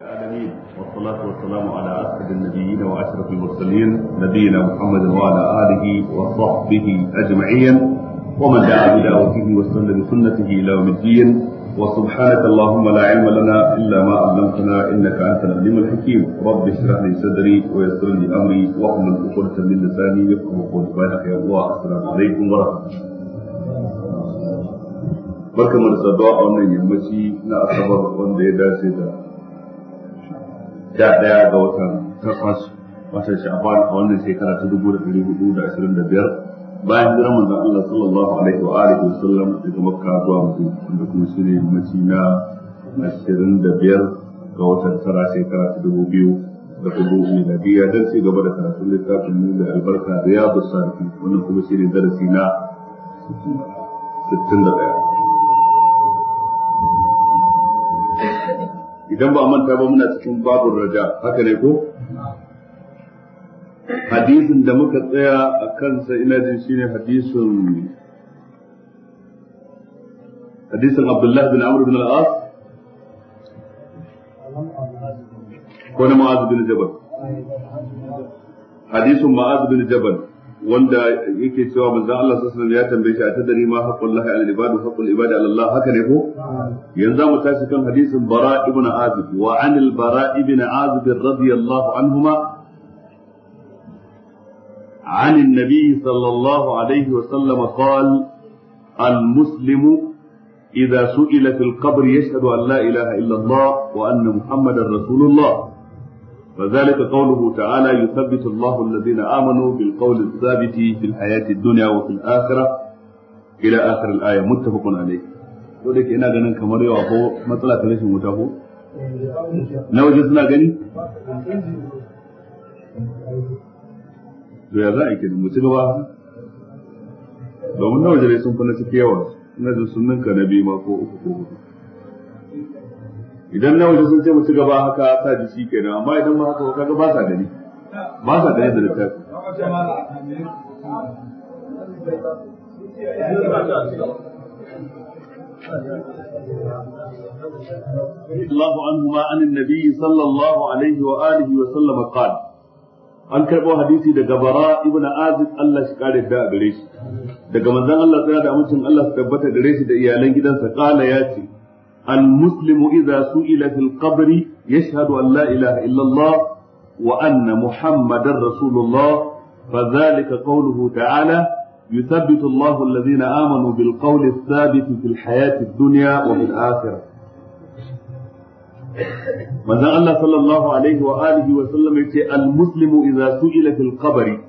العالمين والصلاة والسلام على أسعد النبيين وأشرف المرسلين نبينا محمد وعلى آله وصحبه أجمعين ومن دعا بدعوته واستنى بسنته إلى يوم الدين وسبحانك اللهم لا علم لنا إلا ما علمتنا إنك أنت العليم الحكيم رب اشرح لي صدري ويسر لي أمري واحلل عقدة من لساني يفقه قولي بارك يا الله السلام عليكم ورحمة الله barkamu da saduwa a wannan yammaci na asabar wanda ya dace da da ɗaya ga watan takwas watan sha'ban a wannan shekara ta dubu da ɗari hudu da ashirin da biyar bayan jiran manzon Allah sallallahu alaihi wa alihi wa sallam daga makka zuwa madina wanda kuma shi ne mace na ashirin da biyar ga watan tara shekara ta dubu biyu da da miladiyya don ci gaba da karatun littafin mu da albarka riyadu salihin wannan kuma shi ne darasi na sittin da ɗaya idan ba manta ba muna cikin babun raja haka ne ko hadisin da muka tsaya a kansa ina jin shine hadisin hadisin Abdullah bin Amr bin Al-As ko na Mu'az bin Jabal hadisin Mu'az bin Jabal wanda yake cewa manzon Allah sallallahu alaihi wasallam ya tambaye shi a tadari ma haqqul lahi al ibadu haqqul ibadi ala Allah haka ne ko yanzu mu tashi kan hadisin bara ibn azib wa an al bara ibn azib radiyallahu anhuma عن النبي صلى الله عليه وسلم قال المسلم إذا سئل في القبر يشهد أن لا إله إلا الله وأن محمدا رسول الله وذلك قوله تعالى يثبت الله الذين آمنوا بالقول الثابت في الحياة الدنيا وفي الآخرة إلى آخر الآية متفق عليه to da ke ina ganin kamar yawa ko matsala ta rashin wuta ko na waje suna gani to ya za a yi domin na waje sun yawa uku ko idan na waje sun ce mu ci gaba haka sa ji shi kenan amma idan ma haka kaga ba sa gani ba sa gani da littafi الله عنهما عن النبي صلى الله عليه وآله وسلم قال an karɓo hadisi daga bara ibn آزد Allah shi kare da gare shi daga manzon Allah tsaya da mutum Allah su tabbata gare shi da iyalan gidansa kala ya المسلم إذا سئل في القبر يشهد أن لا إله إلا الله وأن محمدا رسول الله فذلك قوله تعالى يثبت الله الذين آمنوا بالقول الثابت في الحياة الدنيا وفي الآخرة Allah sallallahu alaihi wa yace al muslimu idza su'ila fil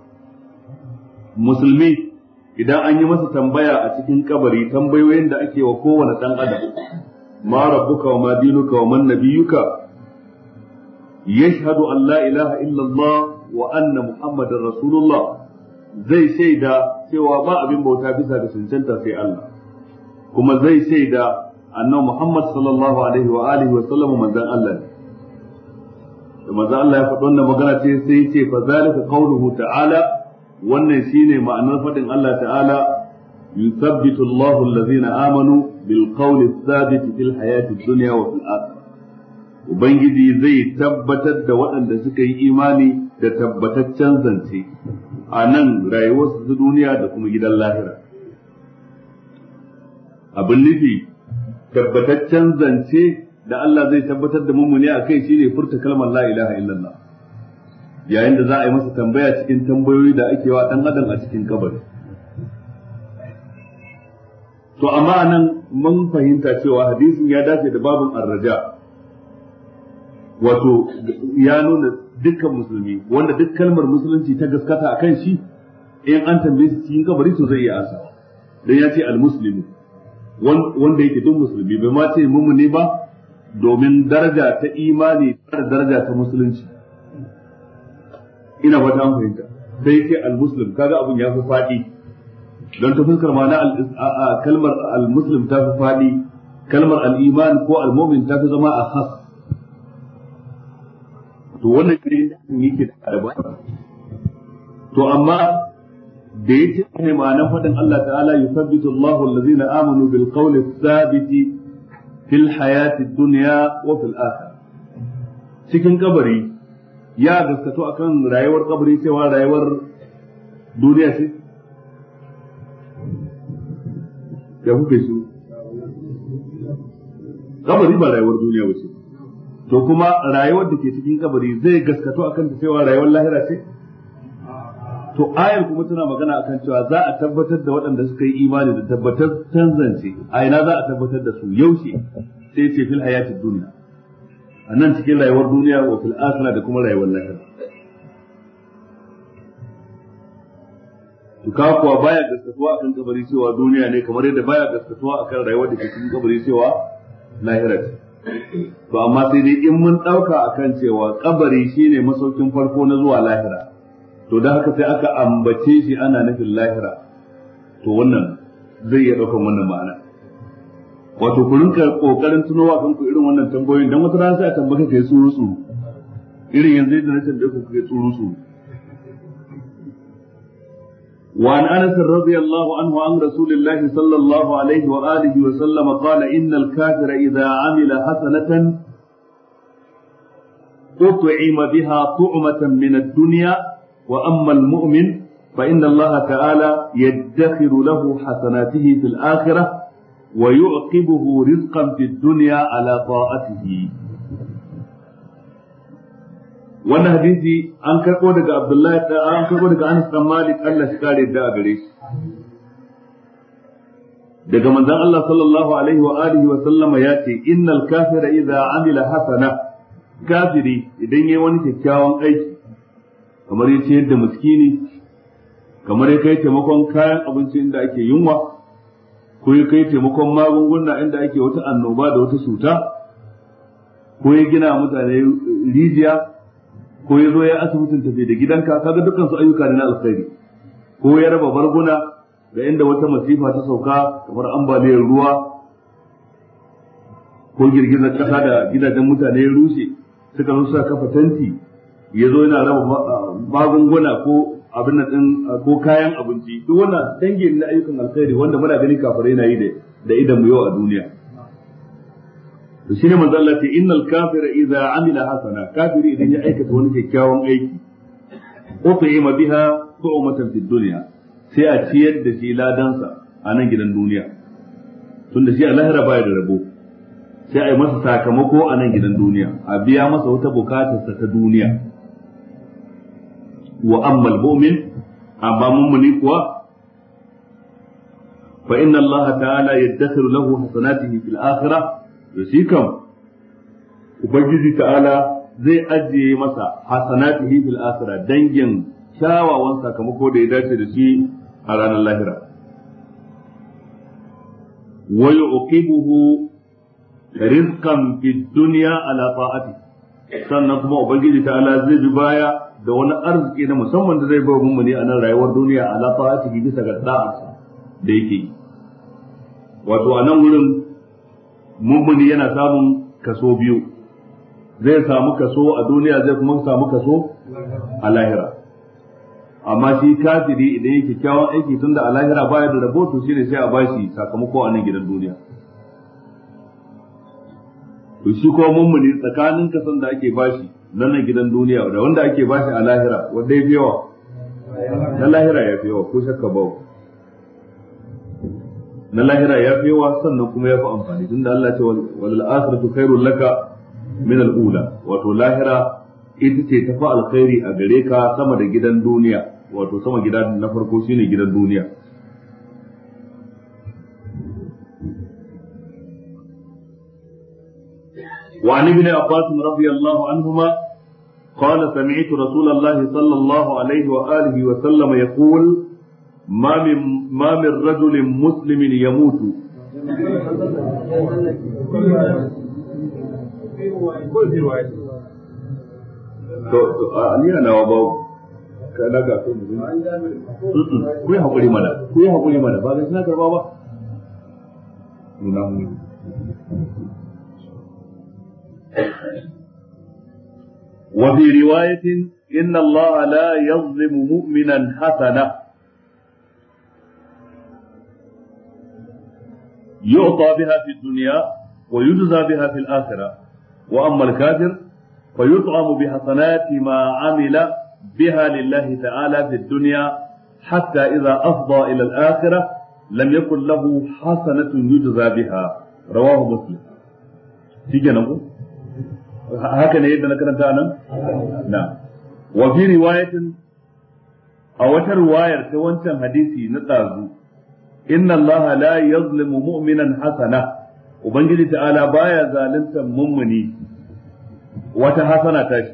musulmi idan an yi masa tambaya a cikin kabari tambayoyin da ake wa kowane ɗan adam ma rabbuka wa ma dinuka wa man nabiyuka yashhadu an la ilaha illallah wa anna muhammadar rasulullah zai shaida cewa ba abin bauta bisa ga cancanta sai Allah kuma zai shaida annabi Muhammad sallallahu alaihi wa alihi wa sallam Allah ne da manzon Allah ya faɗi wannan magana ce sai ya ce fa zalika ta'ala wannan shine ma'anar faɗin Allah ta'ala yuthabbitu Allahu amanu بالقول الثابت في الحياة الدنيا وفي الآخرة Ubangiji zai tabbatar da waɗanda suka yi imani da tabbataccen zance a nan rayuwarsu ta duniya da kuma gidan lahira. Abin nufi tabbataccen zance da Allah zai tabbatar da mummuni a kai shine furta kalmar la ilaha illallah yayin da za a yi masa tambaya cikin tambayoyi da ake wa ɗan adam a cikin kabari. To amma nan mun fahimta cewa hadisin ya dace da babin arraja wato ya nuna dukkan musulmi wanda duk kalmar musulunci ta gaskata a kan shi in an tambaye shi cikin kabari to zai yi asa. dan ya ce almuslimu wanda yake duk musulmi bai ma ce ne ba domin daraja ta imani da daraja ta musulunci ina fata an fahimta sai ce almuslim kaga abun ya fi faɗi don ta fuskar ma'ana kalmar al-muslim ta fi faɗi kalmar al-iman ko al-mumin ta fi zama a has to wannan yi ke da albarka to amma da ya ce ne ma'anar faɗin Allah ta'ala yusabbitu Allahu allazina Aminu bil qawli thabiti fil hayati dunya wa fil akhirah cikin kabari ya gaskato akan rayuwar kabari cewa rayuwar duniya ce ya kuka su kabari ba rayuwar duniya ba ce to kuma rayuwar da ke cikin kabari zai gaskato akan ta cewa rayuwar lahira ce to ayar kuma tana magana akan cewa za a tabbatar da waɗanda suka yi imani da tabbatar canzance a ina za a tabbatar da su yaushe sai ce fil hayatid duniya a nan cikin rayuwar duniya wa fil akhirah da kuma rayuwar lahira to ka kuwa baya gaskatuwa kan kabari cewa duniya ne kamar yadda baya gaskatuwa akan rayuwar da ke cikin kabari cewa lahira ce to amma sai dai in mun dauka kan cewa kabari shine masaukin farko na zuwa lahira to da haka sai aka ambace shi ana nufin lahira to wannan zai iya daukan wannan ma'ana wato ku rinka kokarin tunowa kanku irin wannan tambayoyin dan wata rana sai a tambaka kai yi tsuru tsuru irin yanzu da na tambaye ku kai tsuru tsuru وعن انس رضي الله عنه عن رسول الله صلى الله عليه واله وسلم قال ان الكافر اذا عمل حسنه اطعم بها طعمه من الدنيا واما المؤمن فان الله تعالى يدخر له حسناته في الاخره ويعقبه رزقا في الدنيا على طاعته Wani hadisi an karko daga Abdullahi an karko daga Anas bin Malik Allah shi kare da gare shi daga manzon Allah sallallahu alaihi wa alihi wa sallama ya ce innal kafira idza amila hasana kafiri idan yayi wani kyakkyawan aiki kamar ya ce yadda miskini kamar ya kai taimakon kayan abinci inda ake yunwa ko ya kai taimakon magunguna inda ake wata annoba da wata cuta ko ya gina mutane rijiya ko ya zo ya asibitin tafi da gidanka ga dukkan su ayyuka ne na alkhairi ko ya raba barguna ga inda wata masifa ta sauka kamar ambaliyar ruwa ko girgizar kasa da gidajen mutane ya rushe suka zo kafa tanti ya zo yana raba magunguna ko abin nan din ko kayan abinci duk wannan dangin na ayyukan alkhairi wanda muna gani kafirai na yi da idan mu yau a duniya to shine manzo Allah ce innal kafira idza amila hasana kafiri idan ya aikata wani kyakkyawan aiki ut'ima biha tu'matan fid dunya sai a ciyar da shi ladansa a nan gidan duniya da shi a lahira baya da rabo sai a yi masa sakamako a nan gidan duniya a biya masa wata bukatarsa ta duniya wa ammal mu'min amma mummuni kuwa fa inna Allah ta'ala yadakhiru lahu hasanatihi fil akhirah to shi ubangiji ta'ala zai ajiye masa hasanatihi fil akhirah dangin kyawawan sakamako da ya dace da shi a ranar lahira wa yuqibuhu rizqan fid dunya ala ta'ati sannan kuma ubangiji ta'ala zai bi baya da wani arziki na musamman da zai ba ne a nan rayuwar duniya ala ta'ati bisa ga daa da yake wato a wurin mummuni yana samun kaso biyu zai samu kaso a duniya zai kuma samu kaso a lahira amma shi kafiri idan yake kyawun aiki tun da a lahira baya da rabotu shi ne sai a bashi sakamako a nan gidan duniya to shi ko mummuni tsakanin kasan da ake bashi na nan gidan duniya da wanda ake bashi a lahira wanda ya fi yawa na lahira ya fi yawa ko shakka bawa. na lahira ya fi yawa sannan kuma ya fi amfani tunda Allah ce wal akhiratu khairul laka min al ula wato lahira ita ce tafi alkhairi a gare ka sama da gidan duniya wato sama gida na farko shine gidan duniya وعن ابن عباس رضي الله عنهما قال سمعت رسول الله صلى الله عليه وآله وسلم يقول ما من ما من رجل مسلم يموت to aliya nawa ba ka daga to mu ku hakuri mana ku hakuri mana ba zai na karba ba nuna mu وفي رواية إن الله لا يظلم مؤمنا حسنة يعطى بها في الدنيا ويجزى بها في الآخرة وأما الكافر فيطعم بحسنات ما عمل بها لله تعالى في الدنيا حتى إذا أفضى إلى الآخرة لم يكن له حسنة يجزى بها رواه مسلم في جنبه هكذا يدنا كنا نعم وفي رواية a wata ruwayar ta wancan hadisi na tsazu inna allaha la yazlimu mu'minan hasana ubangiji ta'ala baya zaluntar mummuni wata hasana ta shi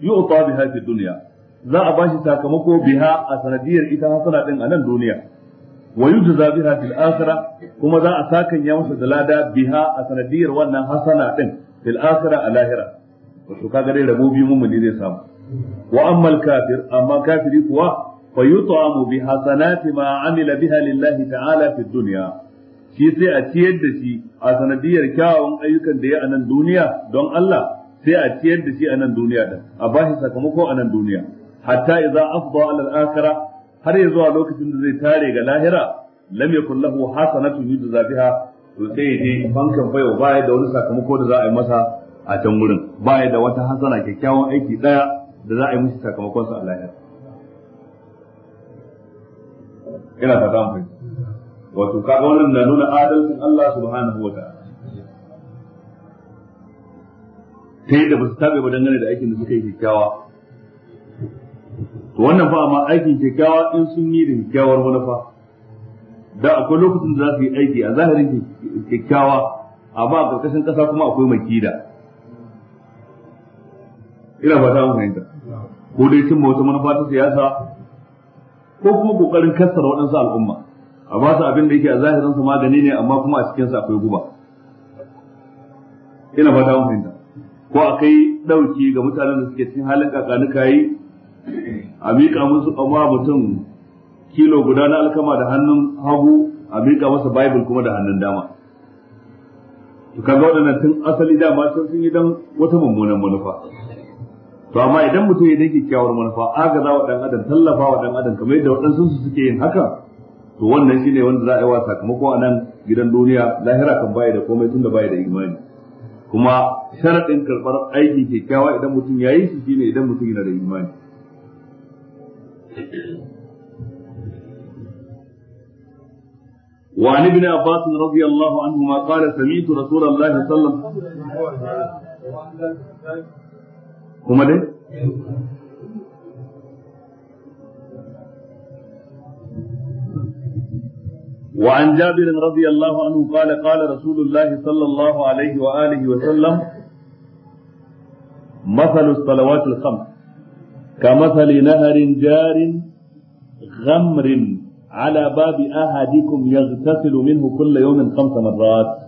yu'ta biha fi dunya za a bashi sakamako biha a sanadiyar ita hasana ɗin a nan duniya wa yujza biha kuma za a sakanya masa da lada biha a sanadiyar wannan hasana din fil a lahira wato kaga mummuni zai samu kafir amma kuwa fa yut'amu bi hasanati ma amila biha lillahi ta'ala fi shi sai a ciyar da shi a sanadiyar kyawawan ayyukan da ya a nan duniya don Allah sai a ciyar da shi a nan duniya da a bashi sakamako a nan duniya hatta idza afdha ala al-akhirah har ya zuwa lokacin da zai tare ga lahira lam yakul lahu hasanatun yujza biha to sai ne bankan bayo baya da wani sakamako da za a yi masa a can wurin baya da wata hasana kyakkyawan aiki daya da za a yi mishi sakamakon sa a lahira ina ta ta mu wato kaga wannan na nuna adalcin Allah subhanahu wa ta'ala ta yadda ba su tabe ba dangane da aikin da suka yi kyakkyawa to wannan fa amma aikin kyakkyawa in sun yi da kyakkyawar manufa da akwai lokacin da za su yi aiki a zahirin kyakkyawa amma a karkashin kasa kuma akwai makida ina ba ta fahimta ko dai cimma wata manufa ta siyasa ko kuma kokarin kassara waɗansu al'umma a ba su abin da yake a zahirin su magani ne amma kuma a cikinsu akwai guba ina fata mun fahimta ko akai ɗauki ga mutanen da suke cikin halin kakanuka yi a miƙa musu amma mutum kilo guda na alkama da hannun hagu a miƙa masa bible kuma da hannun dama to ga waɗannan tun asali dama sun yi dan wata mummunan manufa to amma idan mutum ya dai kyakkyawar manufa agaza wa dan adam tallafa wa dan adam kamar yadda waɗansu su suke yin haka to wannan shine wanda za a yi wa sakamako a nan gidan duniya lahira kan baya da komai tunda baya da imani kuma sharaɗin karɓar aiki kyakkyawa idan mutum ya yi shi shine idan mutum yana da imani وعن ابن عباس رضي الله عنهما قال سمعت رسول الله صلى الله عليه وسلم kuma dai وعن جابر رضي الله عنه قال قال رسول الله صلى الله عليه وآله وسلم مثل الصلوات الخمس كمثل نهر جار غمر على باب أحدكم يغتسل منه كل يوم خمس مرات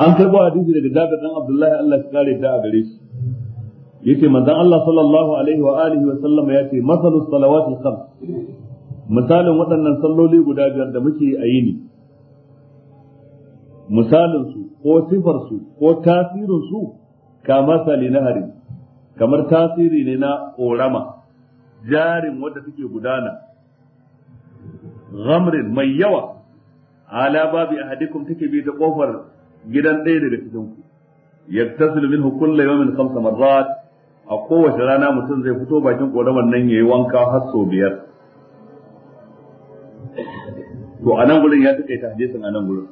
an karbo hadisi daga Jabir dan Abdullahi Allah ya kare da a gare shi yace manzon Allah sallallahu alaihi wa alihi wa sallam ce, masalus salawatul khams misalin waɗannan salloli guda biyar da muke a yini misalin su ko sifar su ko tasirin su kama masali na hari kamar tasiri ne na ƙorama. jarin wadda take gudana ghamrin mai yawa ala babi ahadikum take bi da kofar gidan ɗaya daga cikin ku yaktasilu minhu kullu yawmin kamsa marrat a kowace rana mutum zai fito bakin ƙoramar nan ya yi wanka har sau biyar to nan gurin ya takaita hadisin nan gurin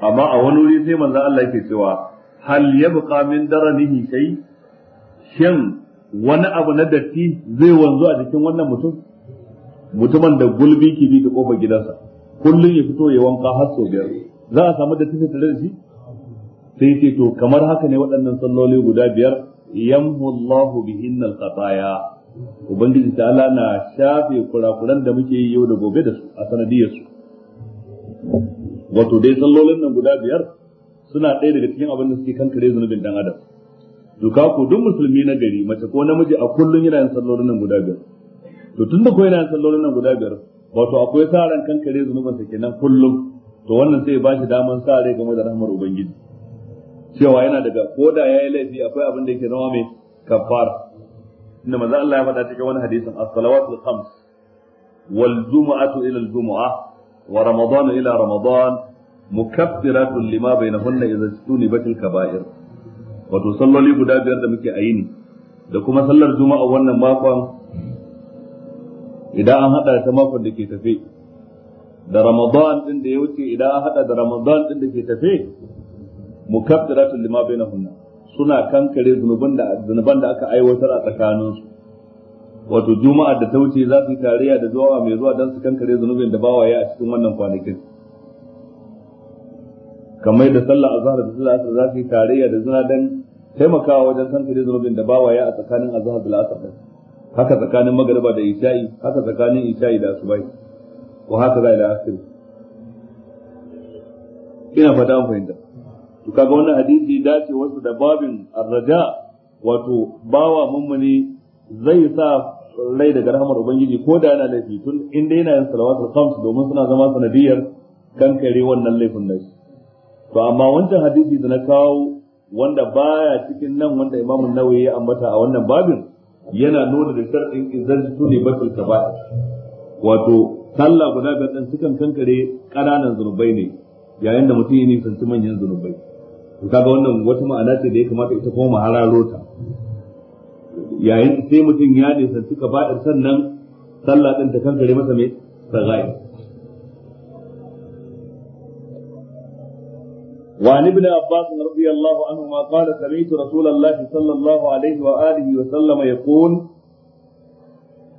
amma a wani wuri sai manzan Allah yake cewa hal buƙa min dara nihi kai? shin wani abu na datti zai wanzu a jikin wannan mutum mutumin da gulbi ke bi ta kofar gidansa kullum ya fito ya wanka har sau biyar za a samu datti tare da shi sai ce to kamar haka ne waɗannan salloli guda biyar yamhu Allahu bihinna al-qataya ubangiji Allah na shafe kurakuran da muke yi yau da gobe da su a sanadiyar su wato dai sallolin nan guda biyar suna ɗaya daga cikin abin da suke kankare zunubin dan adam duka ko duk musulmi na gari mace ko namiji a kullum yana yin sallolin nan guda biyar to tunda ko yana yin sallolin nan guda biyar wato akwai sa ran kankare zunubin sa kenan kullum to wannan sai ba shi daman sa rai game da rahmar ubangiji cewa yana daga ko da yayi laifi akwai abin da yake zama mai kafara inda manzo Allah ya faɗa cikin wani hadisin as al khams wal jumu'atu ila al jumu'a wa ramadan ila ramadan mukaffiratun lima bainahunna idza istunibat al kaba'ir wato salloli guda biyar da muke ayini da kuma sallar juma'a wannan makon idan an hada ta makon da ke tafe da ramadan din da ya wuce idan an hada da ramadan din da ke tafe mukaddaratul lima bainahunna suna kankare zunuban da zunuban da aka aiwatar a tsakaninsu wato juma'ar da ta wuce za su yi tarayya da zuwa mai zuwa don su kankare zunubin da ya a cikin wannan kwanakin kamar da sallah azhar da sallah asr za su yi tarayya da zuna don taimakawa wajen kankare zunubin da ya a tsakanin azhar da asr haka tsakanin magriba da isha'i haka tsakanin isha'i da asubai wa haka za da asiri? ina fata an fahimta to kaga wannan hadisi dace wasu da babin raja wato bawa mummuni zai sa rai daga rahmar ubangiji ko da yana laifi tun inda yana yin salawatul khams domin suna zama sanadiyar kankare wannan laifin nashi to amma wancan hadisi da na kawo wanda baya cikin nan wanda imamu nawawi ya ambata a wannan babin yana nuna da sharɗin izaltu ne batul kaba'ir wato sallah guda biyar din sukan kankare ƙananan zunubai ne yayin da mutum ya nisanci manyan zunubai to kaga wannan wata ma'ana ce da ya kamata ita kuma mahararo ta yayin sai mutum ya nisanci kaba'ir sannan sallah din ta kankare masa mai sagai وعن ابن عباس رضي الله عنهما قال سمعت رسول الله صلى الله عليه وآله وسلم يقول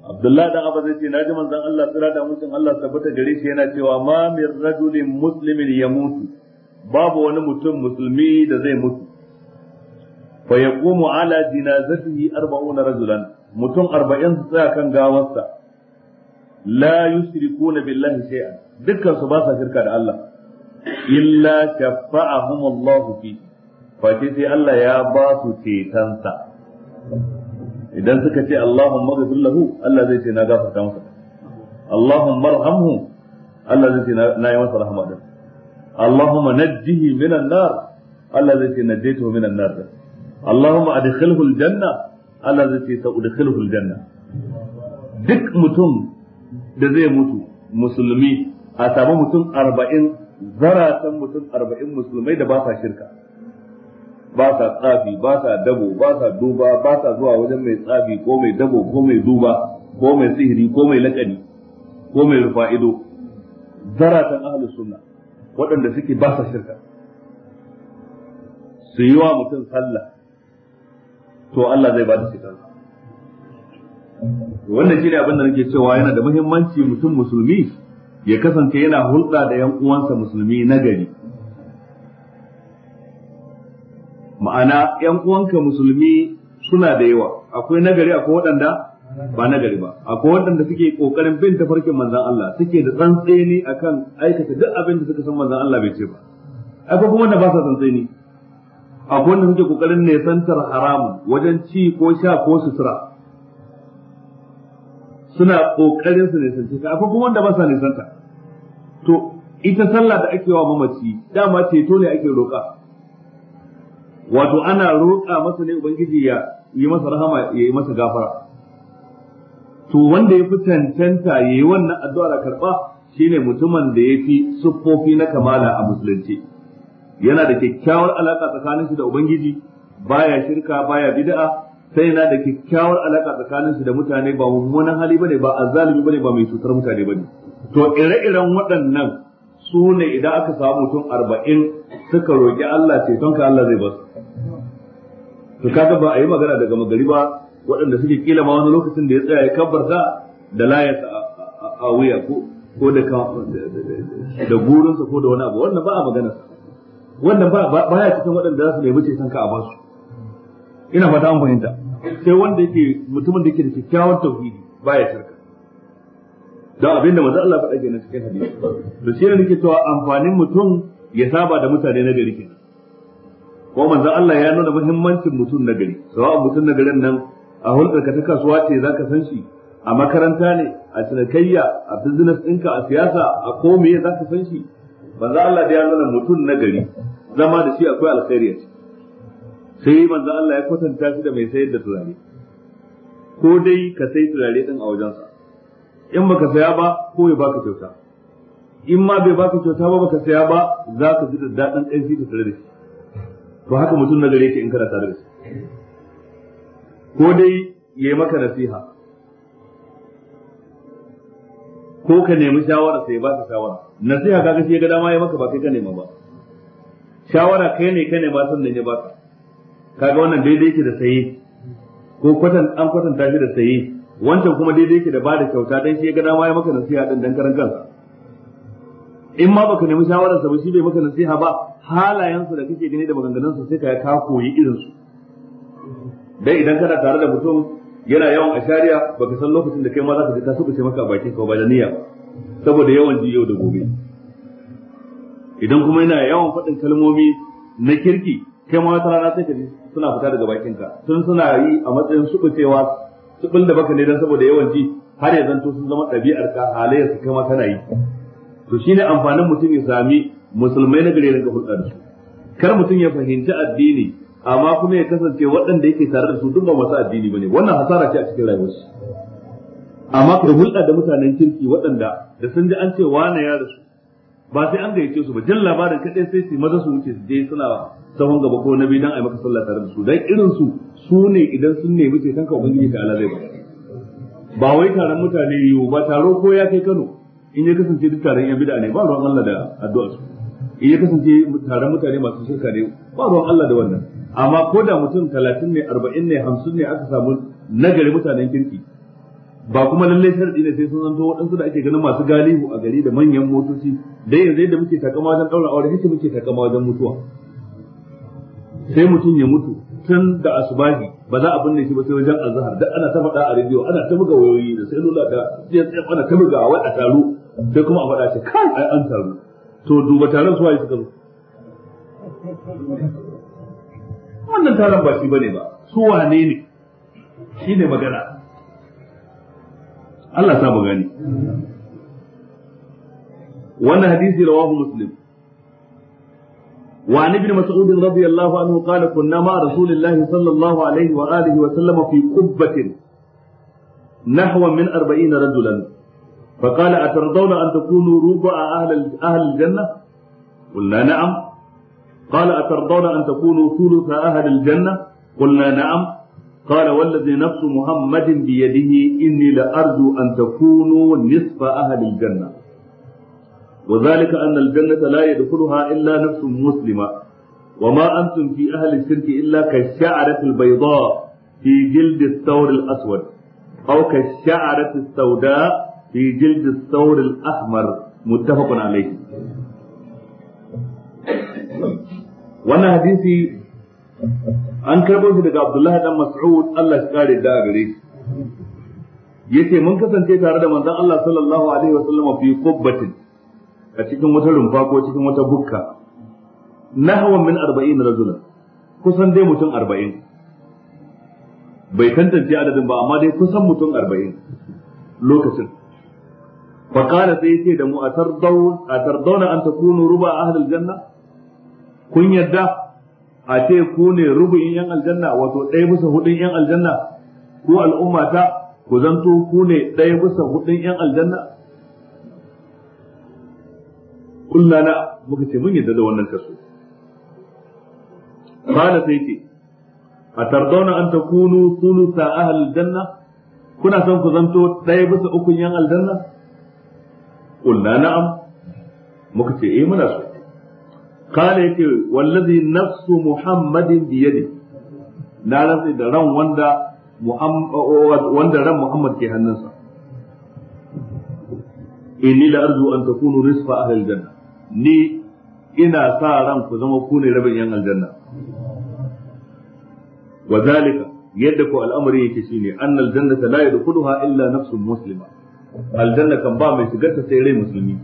Abdullahi dan Abba zai ce na ji manzon Allah tsira da mutum Allah tabbata gare shi yana cewa ma min rajulin muslimin ya mutu babu wani mutum musulmi da zai mutu fa yaqumu ala jinazatihi 40 rajulan mutum 40 su tsaya kan gawarsa la yushrikuna billahi shay'an dukkan su ba sa shirka da Allah illa shafa'ahum Allah fi fa sai Allah ya ba su cetonsa idan suka ce Allahumma ghfir lahu Allah zai ce na gafarta masa Allahumma arhamhu Allah zai ce na yi masa rahama din Allahumma najjihi minan nar Allah zai ce najjaytuhu minan nar Allahumma adkhilhu aljanna Allah zai ce sa'udkhilhu aljanna duk mutum da zai mutu musulmi a samu mutum arba'in zaratan mutum arba'in musulmai da ba sa shirka ba sa tsafi ba sa dabo ba sa duba ba sa zuwa wajen mai tsafi ko mai dabo ko mai duba ko mai sihiri ko mai lakani ko mai rufa'ido zaratan ahlus sunna waɗanda suke ba sa shirka su yi wa mutum sallah to Allah zai ba da shirka wannan shine abin da nake cewa yana da muhimmanci mutum musulmi ya kasance yana hulɗa da yan uwansa musulmi na gari ma'ana yan uwanka musulmi suna da yawa akwai nagari akwai waɗanda ba nagari ba akwai waɗanda suke kokarin bin tafarkin manzon Allah suke da tsantseni akan aikata duk abin da suka san manzon Allah bai ce ba akwai kuma wanda ba sa tsantseni akwai wanda suke kokarin nesantar haramun wajen ci ko sha ko sutura suna kokarin su nesance ka akwai kuma wanda ba sa nesanta to ita sallah da ake wa mamaci dama ceto ne ake roƙa wato ana roƙa masa ne ubangiji ya yi masa rahama ya yi masa gafara to wanda ya fi tantanta ya yi wannan addu'a da karɓa shine mutumin da ya fi siffofi na kamala a musulunci yana da kyakkyawar alaƙa tsakanin shi da ubangiji baya shirka baya bid'a sai yana da kyakkyawar alaƙa tsakanin shi da mutane ba mummunan hali bane ba azzalimi bane ba mai cutar mutane bane to ire-iren waɗannan su ne idan aka samu mutum arba'in suka roƙi Allah ceton ka Allah zai basu to kaga ba a yi magana daga magari ba waɗanda suke kila ma wani lokacin da ya tsaya ya kabbarta da layarsa a wuya ko ko da da gurinsa ko da wani abu wannan ba a magana wannan ba ba ya cikin waɗanda za su nemi ceton ka a ba su ina fata an fahimta sai wanda yake mutumin da yake da kyakkyawan tauhidi ba ya shirka don abinda manzo Allah faɗa kenan cikin hadisi to shi ne nake cewa amfanin mutum ya saba da mutane na gari kenan ko manzo Allah ya nuna muhimmancin mutum na gari sawa mutum na garin nan a hulɗar ka ta kasuwa ce zaka san shi a makaranta ne a cinikayya a business ɗinka a siyasa a ko za zaka san shi manzo Allah da ya nuna mutum na gari zama da shi akwai alkhairi sai manzo Allah ya kwatanta shi da mai sayar da turare ko dai ka sai turare din a wajensa in baka saya ba ko ya baka kyauta in ma bai baka kyauta ba baka saya ba za ka ji da daɗin ƙarfi da tare da shi to haka mutum na gare ke in kana tare da shi ko dai ya yi maka nasiha ko ka nemi shawara sai ba ka shawara nasiha kaga shi ga dama ya maka ba kai ka nema ba shawara kai ne ka nema sannan ya baka kaga wannan daidai yake da saye ko kwatan an kwatanta shi da saye wancan kuma daidai yake da ba da kyauta dan shi ya ga dama ya maka nasiha din dan karan kansa in ma baka nemi shawarar sa ba shi bai maka nasiha ba halayen su da kake gani da maganganun sa sai ka ka koyi irin su dai idan kana tare da mutum yana yawan ashariya baka san lokacin da kai ma za ka ji ta suka ce maka a bakin ka ba da niyya saboda yawan ji yau da gobe idan kuma yana yawan faɗin kalmomi na kirki kai ma wata rana sai ka ji suna fita daga bakin ka tun suna yi a matsayin subucewa su da baka ne dan saboda yawan ji har ya zanto sun zama ɗabi'ar ka halayyar su kai ma kana yi to shi ne amfanin mutum ya sami musulmai na gare daga hulɗa da su kar mutum ya fahimci addini amma kuma ya kasance waɗanda yake tare da su duk ba masu addini ne, wannan hasara ce a cikin rayuwarsu amma ka hulɗa da mutanen kirki waɗanda da sun ji an ce wane ya rasu ba sai an gayyace su ba jin labarin kaɗai sai su maza su wuce su je suna sahun gaba ko nabi dan a maka sallah tare da su dan irin su su ne idan sun nemi ceton ka ubangiji ta ala zai ba ba wai taron mutane yiwu ba taro ko ya kai Kano in ya kasance duk taron yan bid'a ne ba ruwan Allah da addu'a su in ya kasance taron mutane masu shirka ne ba ruwan Allah da wannan amma ko da mutum talatin ne arba'in ne hamsin ne aka samu nagari mutanen kirki ba kuma lalle sharadi ne sai sun zanto waɗansu da ake ganin masu galihu a gari da manyan motoci da yanzu yadda muke takama wajen ɗaura aure haka muke takama wajen mutuwa sai mutum ya mutu tun da asubahi ba za a binne shi ba sai wajen azhar da ana ta faɗa a rediyo ana ta buga wayoyi da sai lola da sai ana ta buga wai a taro sai kuma a faɗa ce kai ai an taru to duba taron su waye suka zo wannan taron ba shi bane ba su wane ne shi ne magana Allah ta gani wannan hadisi rawahu muslim وعن ابن مسعود رضي الله عنه قال كنا مع رسول الله صلى الله عليه وآله وسلم في قبة نحو من أربعين رجلا فقال أترضون أن تكونوا ربع أهل أهل الجنة؟ قلنا نعم قال أترضون أن تكونوا ثلث أهل الجنة؟ قلنا نعم قال والذي نفس محمد بيده إني لأرجو أن تكونوا نصف أهل الجنة وذلك أن الجنة لا يدخلها إلا نفس مسلمة وما أنتم في أهل الشرك إلا كالشعرة البيضاء في جلد الثور الأسود أو كالشعرة السوداء fi saurin al-thawr al-ahmar muttafaqun alayhi wannan hadisi an karbo shi daga Abdullahi dan Mas'ud Allah ya da gare shi yace mun kasance tare da manzon Allah sallallahu alaihi wasallam fi qubbatin a cikin wata rumfa ko cikin wata bukka nahwan min 40 rajulan kusan dai mutum 40 bai tantance adadin ba amma dai kusan mutum 40 lokacin fa qala sai yace da mu atardaw atardawna an takunu ruba ahli aljanna kun yadda a ce ku ne rubu'in yan aljanna wato ɗaya bisa hudun yan aljanna ku al'umma ta ku zanto ku ne ɗaya bisa hudun yan aljanna kullana muka ce mun yadda da wannan kaso qala sai yace atardawna an son ku zanto ɗaya ukun aljanna qulna na'am muka ce eh muna so kala yace wallazi nafsu muhammadin bi na rantsi da ran wanda wanda ran muhammad ke hannunsa inni la arju an takunu nisfa ahli aljanna ni ina sa ran ku zama ku ne rabin yan aljanna wa zalika yadda ku al'amari yake ne annal jannata la yadkhuluha illa nafsun muslima aljanna kan ba mai shigar ta sai musulmi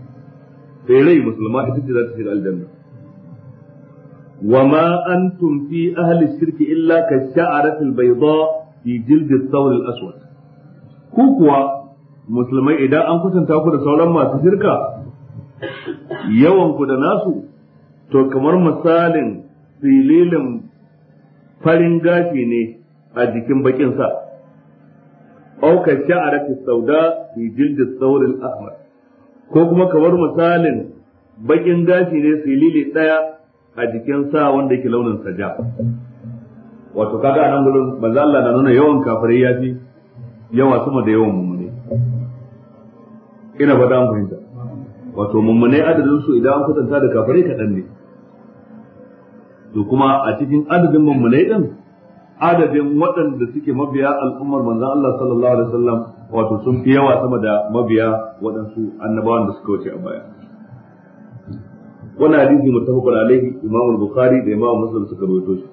sai rai aljanna wa ma antum fi ahli shirki illa kasha sha'arati al-bayda fi jildi al-thawr al-aswad ku kuwa musulmai idan an kusanta ku da sauran masu shirka yawan ku da nasu to kamar misalin fililin farin gashi ne a jikin bakin sa aw a raki sauda fi jild al-thawr al ko kuma kamar misalin bakin gashi ne silili ɗaya a jikin sa wanda yake launin sa ja wato kaga anan gurin manzo Allah na nuna yawan kafirai yafi yawa sama da yawan mummune ina ba da fahimta wato mummune adadin su idan an kasanta da kafari kaɗan ne to kuma a cikin adadin mummunai din adadin waɗanda suke mabiya al'ummar manzon Allah sallallahu alaihi wasallam wato sun fi yawa sama da mabiya waɗansu annabawan da suka wuce a baya Wani hadisi muttafaqun alaihi imam bukhari da imam muslim suka rawaito shi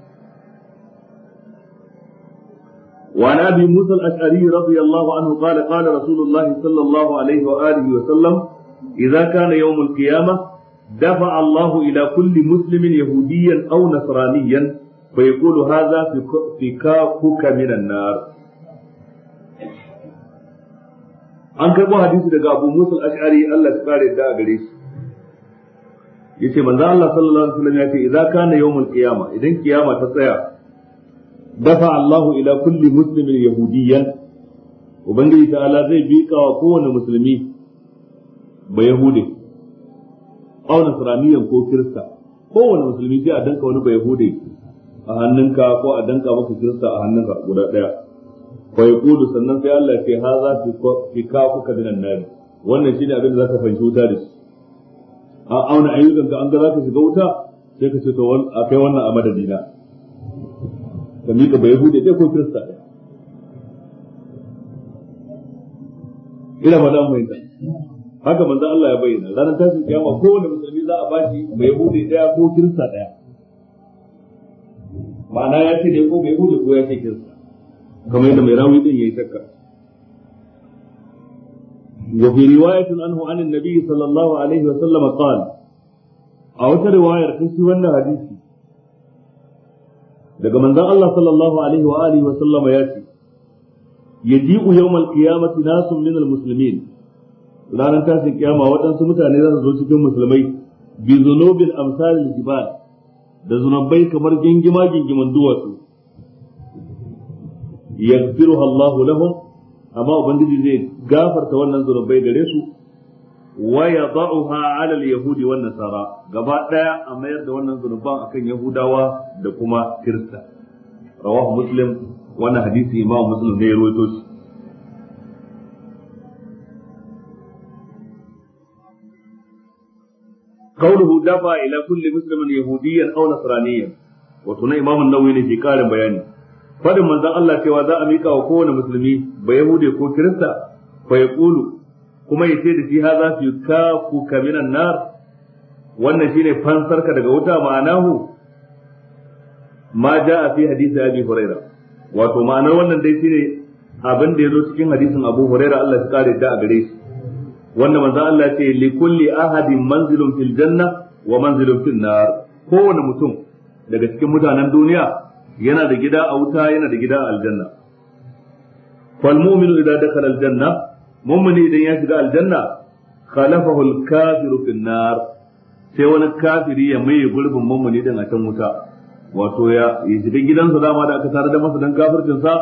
وعن ابي موسى الاشعري رضي الله عنه قال قال رسول الله صلى الله عليه واله وسلم اذا كان يوم القيامه دفع الله الى كل مسلم يهوديا او نصرانيا fa yaqulu hadha fi kafuka minan nar an karbo hadisi daga Abu Musa al-Ash'ari Allah ya kare da gare shi yace manzo Allah sallallahu alaihi wasallam yace idza kana yawmul qiyama idan kiyama ta tsaya dafa Allahu ila kulli muslimin yahudiyyan ubangiji ta'ala zai bika wa kowane musulmi ba yahudi aw nasraniyan ko kirista kowane musulmi zai a danka wani ba yahudi a hannunka ko a danka maka kirista a hannunka guda daya fa kudu sannan sai Allah ki ka fi ka dinan nan wannan shine abin da zaka fahimci wuta da shi a auna ayyukan ka an ga zaka shiga wuta sai ka ce to a kai wannan a madadina ka mika bai hude dai ko kirista ɗaya ina ba dan bayyana haka manzo Allah ya bayyana ranar tashin kiyama kowanne musulmi za a bashi bai hude daya ko kirista daya ma'ana ya ce dai ko bai hudu ko ya ce kirsa kamar yadda mai rawi din yayi shakka وفي رواية عنه sallallahu النبي wa الله عليه A قال أو sun تنسي ولا hadisi. daga manzon Allah sallallahu alaihi wa alihi wa sallama ya ce yaji'u yawmal qiyamati nasun min almuslimin ranar tashin kiyama waɗansu mutane za su zo cikin musulmai bi zunubin amsalil jibal da zunubai kamar gingima gingiman duwatsu yaghfiru Allahu lahum amma ubangiji zai gafarta wannan zunubai gare su wa yadha'uha 'ala al-yahudi wan nasara gaba daya a mayar da wannan zunuban akan yahudawa da kuma kirista rawahu muslim wannan hadisi imam muslim ne ya rawaito shi قوله دفع إلى كل مسلم يهوديا أو نصرانيا وتنا إمام النووي ne ke karin bayani fadin manzon Allah cewa za a mika wa kowane musulmi ba yahude ko kirista fa yaqulu kuma yace da shi haza fi kafu kaminan nar wannan shine fansarka daga wuta ma'anahu ma jaa fi hadisi abi huraira wato ma'anar wannan dai shine abin da yazo cikin hadisin abu huraira Allah ya kare da a gare shi wanda manzo Allah ce li kulli ahadin manzilun fil janna wa manzilun fil nar kowane mutum daga cikin mutanen duniya yana da gida a wuta yana da gida a aljanna fal mu'minu idza dakhala aljanna mu'mini idan ya shiga aljanna khalafahu al kafiru fil nar sai wani kafiri ya mai gurbin mu'mini din a can wuta wato ya shiga gidansa dama da aka tare da masa dan kafircin sa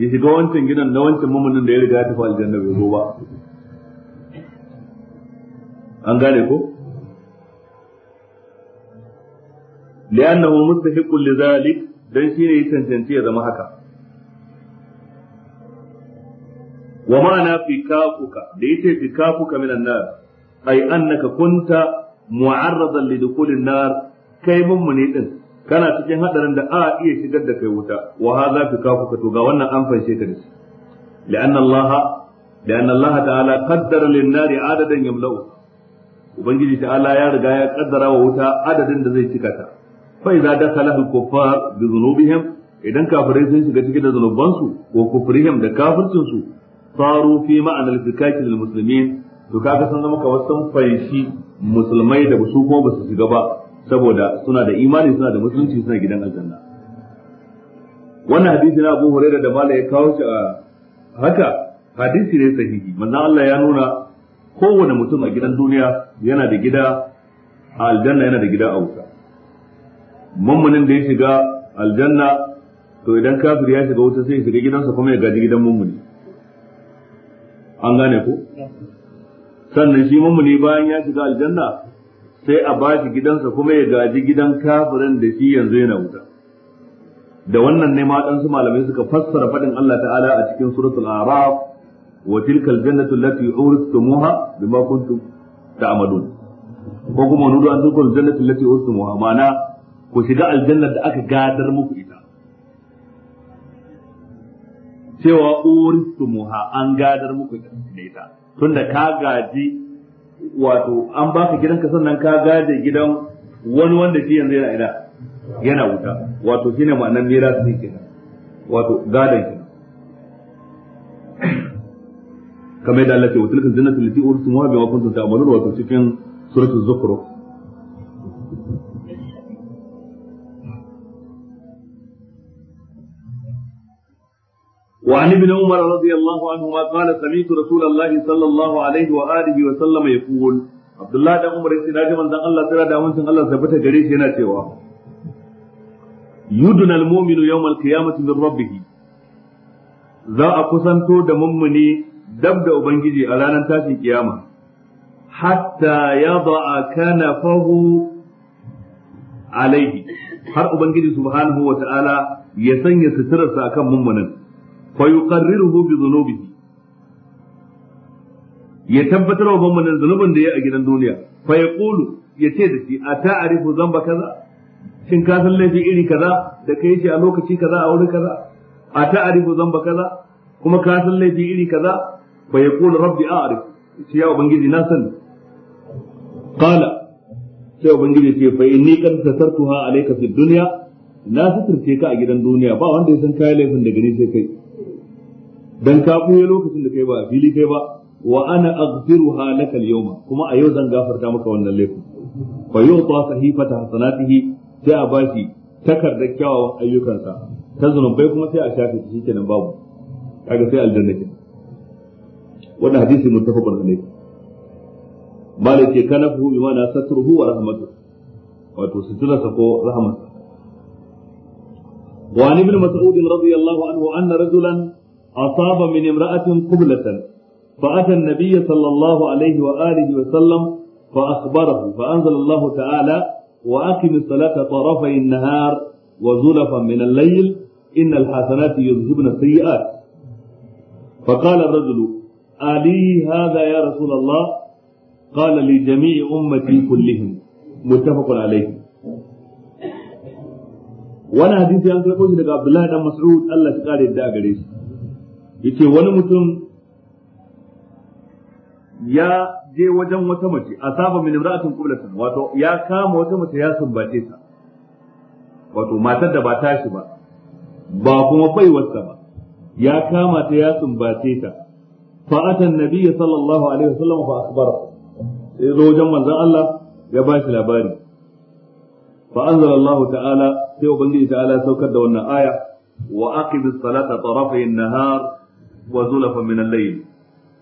ya shiga wancan gidan na wancan mu'minin da ya riga ya tafi aljanna bai zo ba an gane ko li'annahu mustahiqqun lidhalik dan shine ya tantance ya zama haka wa ma'ana fikafuka da yace fikafuka minan nar ay annaka kunta mu'arradan lidukhulin nar kai mummuni din kana cikin hadarin da a iya shigar da kai wuta wa hadha fikafuka to ga wannan an fanshe ka da shi li'anna Allah li'anna Allah ta'ala qaddara lin-nari adadan yamla'u ubangiji ta'ala ya riga ya kaddara wa wuta adadin da zai cika ta fa idza dakhala al kuffar bi dhunubihim idan kafirai sun shiga cikin da su ko kufrihim da kafircin su faru fi ma'an al fikaki lil muslimin to kaga sun zama kamar sun faishi musulmai da su kuma ba su shiga ba saboda suna da imani suna da musulunci suna gidan aljanna wannan hadisi na Abu Hurairah da Malik ya kawo shi a haka hadisi ne sahihi manzo Allah ya nuna kowane mutum a gidan duniya yana da gida a aljanna yana da gida a wuta mummunin da ya shiga aljanna to idan kafir ya shiga wuta sai ya shiga gidansa kuma ya gaji gidan mummuni an gane ku. sannan shi mummuni bayan ya shiga aljanna sai a ba shi gidansa kuma ya gaji gidan kafirin da shi yanzu yana wuta da wannan ne ma dan su malamai suka fassara fadin Allah ta'ala a cikin suratul araf wa tilkal jannatu allati uristumuha bima kuntum ta'malun ko kuma nudu an tukul jannatu allati uristumuha mana ku shiga aljannar da aka gadar muku ita cewa uristumuha an gadar muku ita da tunda ka gaji wato an baka gidan ka sannan ka gaje gidan wani wanda shi yanzu yana ina yana wuta wato shine ma'anar mira su kenan wato gadon kamar yadda Allah ke wa tilkan jannatu lati ursumuha bima kuntum ta'malun wa cikin suratul zukhruf وعن ابن عمر رضي الله عنهما قال سمعت رسول الله صلى الله عليه واله وسلم يقول عبد الله بن عمر يقول ناجي من الله ترى دا الله ثبت gare shi yana cewa yudna almu'minu yawm alqiyamati min rabbih za a kusanto da mummuni dab da ubangiji a ranar tashin kiyama hatta ya kana fahu alaihi har ubangiji subhanahu Ta'ala ya sanya suturarsa akan mummunan fa yuqarriruhu bi dhunubihi ya tabbatar wa mummunan zunubin da ya a gidan duniya fa yaqulu ya ce da shi a ta'arifu zamba kaza shin ka san laifi iri kaza da kai shi a lokaci kaza a wuri kaza a ta'arifu zamba kaza kuma ka san laifi iri kaza fa yaqul rabbi a'rif shi ya ubangiji na sani qala sai ubangiji ce fa inni qad satartuha alayka fid duniya? na suturce ka a gidan duniya ba wanda ya san kai laifin da gani sai kai dan ka buye lokacin da kai ba fili kai ba wa ana aghfiruha laka al-yawma kuma a yau zan gafarta maka wannan laifin fa yu'ta sahifata hasanatihi sai a bashi takardar kyawawan ayyukansa ta zunubai kuma sai a shafe shi kenan babu kaga sai aljanna kenan wannan hadisi muttafaqun alayh malik ke kana hu bi mana satruhu wa rahmatu wato sutura ko rahmat wa an ibn mas'ud radiyallahu anhu anna rajulan asaba min imra'atin qiblatan فأتى النبي صلى الله عليه وآله وسلم فأخبره فأنزل الله تعالى وأقم الصلاة طرفي النهار وزلفا من الليل إن الحسنات يذهبن السيئات فقال الرجل علي هذا يا رسول الله قال لجميع أمتي كلهم متفق عليه وانا حديث عن كربوش لك عبد الله بن مسعود الله تقال يدعى قريش يتي وانا متن يا je wajen wata mace asaba min imra'atin qiblatan wato ya kama wata mace ya sumbace ta wato matar da ba tashi ba ba kuma baiwarsa ba ya kama ta ya sumbace ta fa atan nabiyyi sallallahu alaihi wasallam fa akhbara sai zo wajen manzon Allah ya bashi labari fa anzalallahu ta'ala sai ubangiji ta'ala saukar da wannan aya wa aqimis salata tarafay an-nahar wa zulafa min al-layl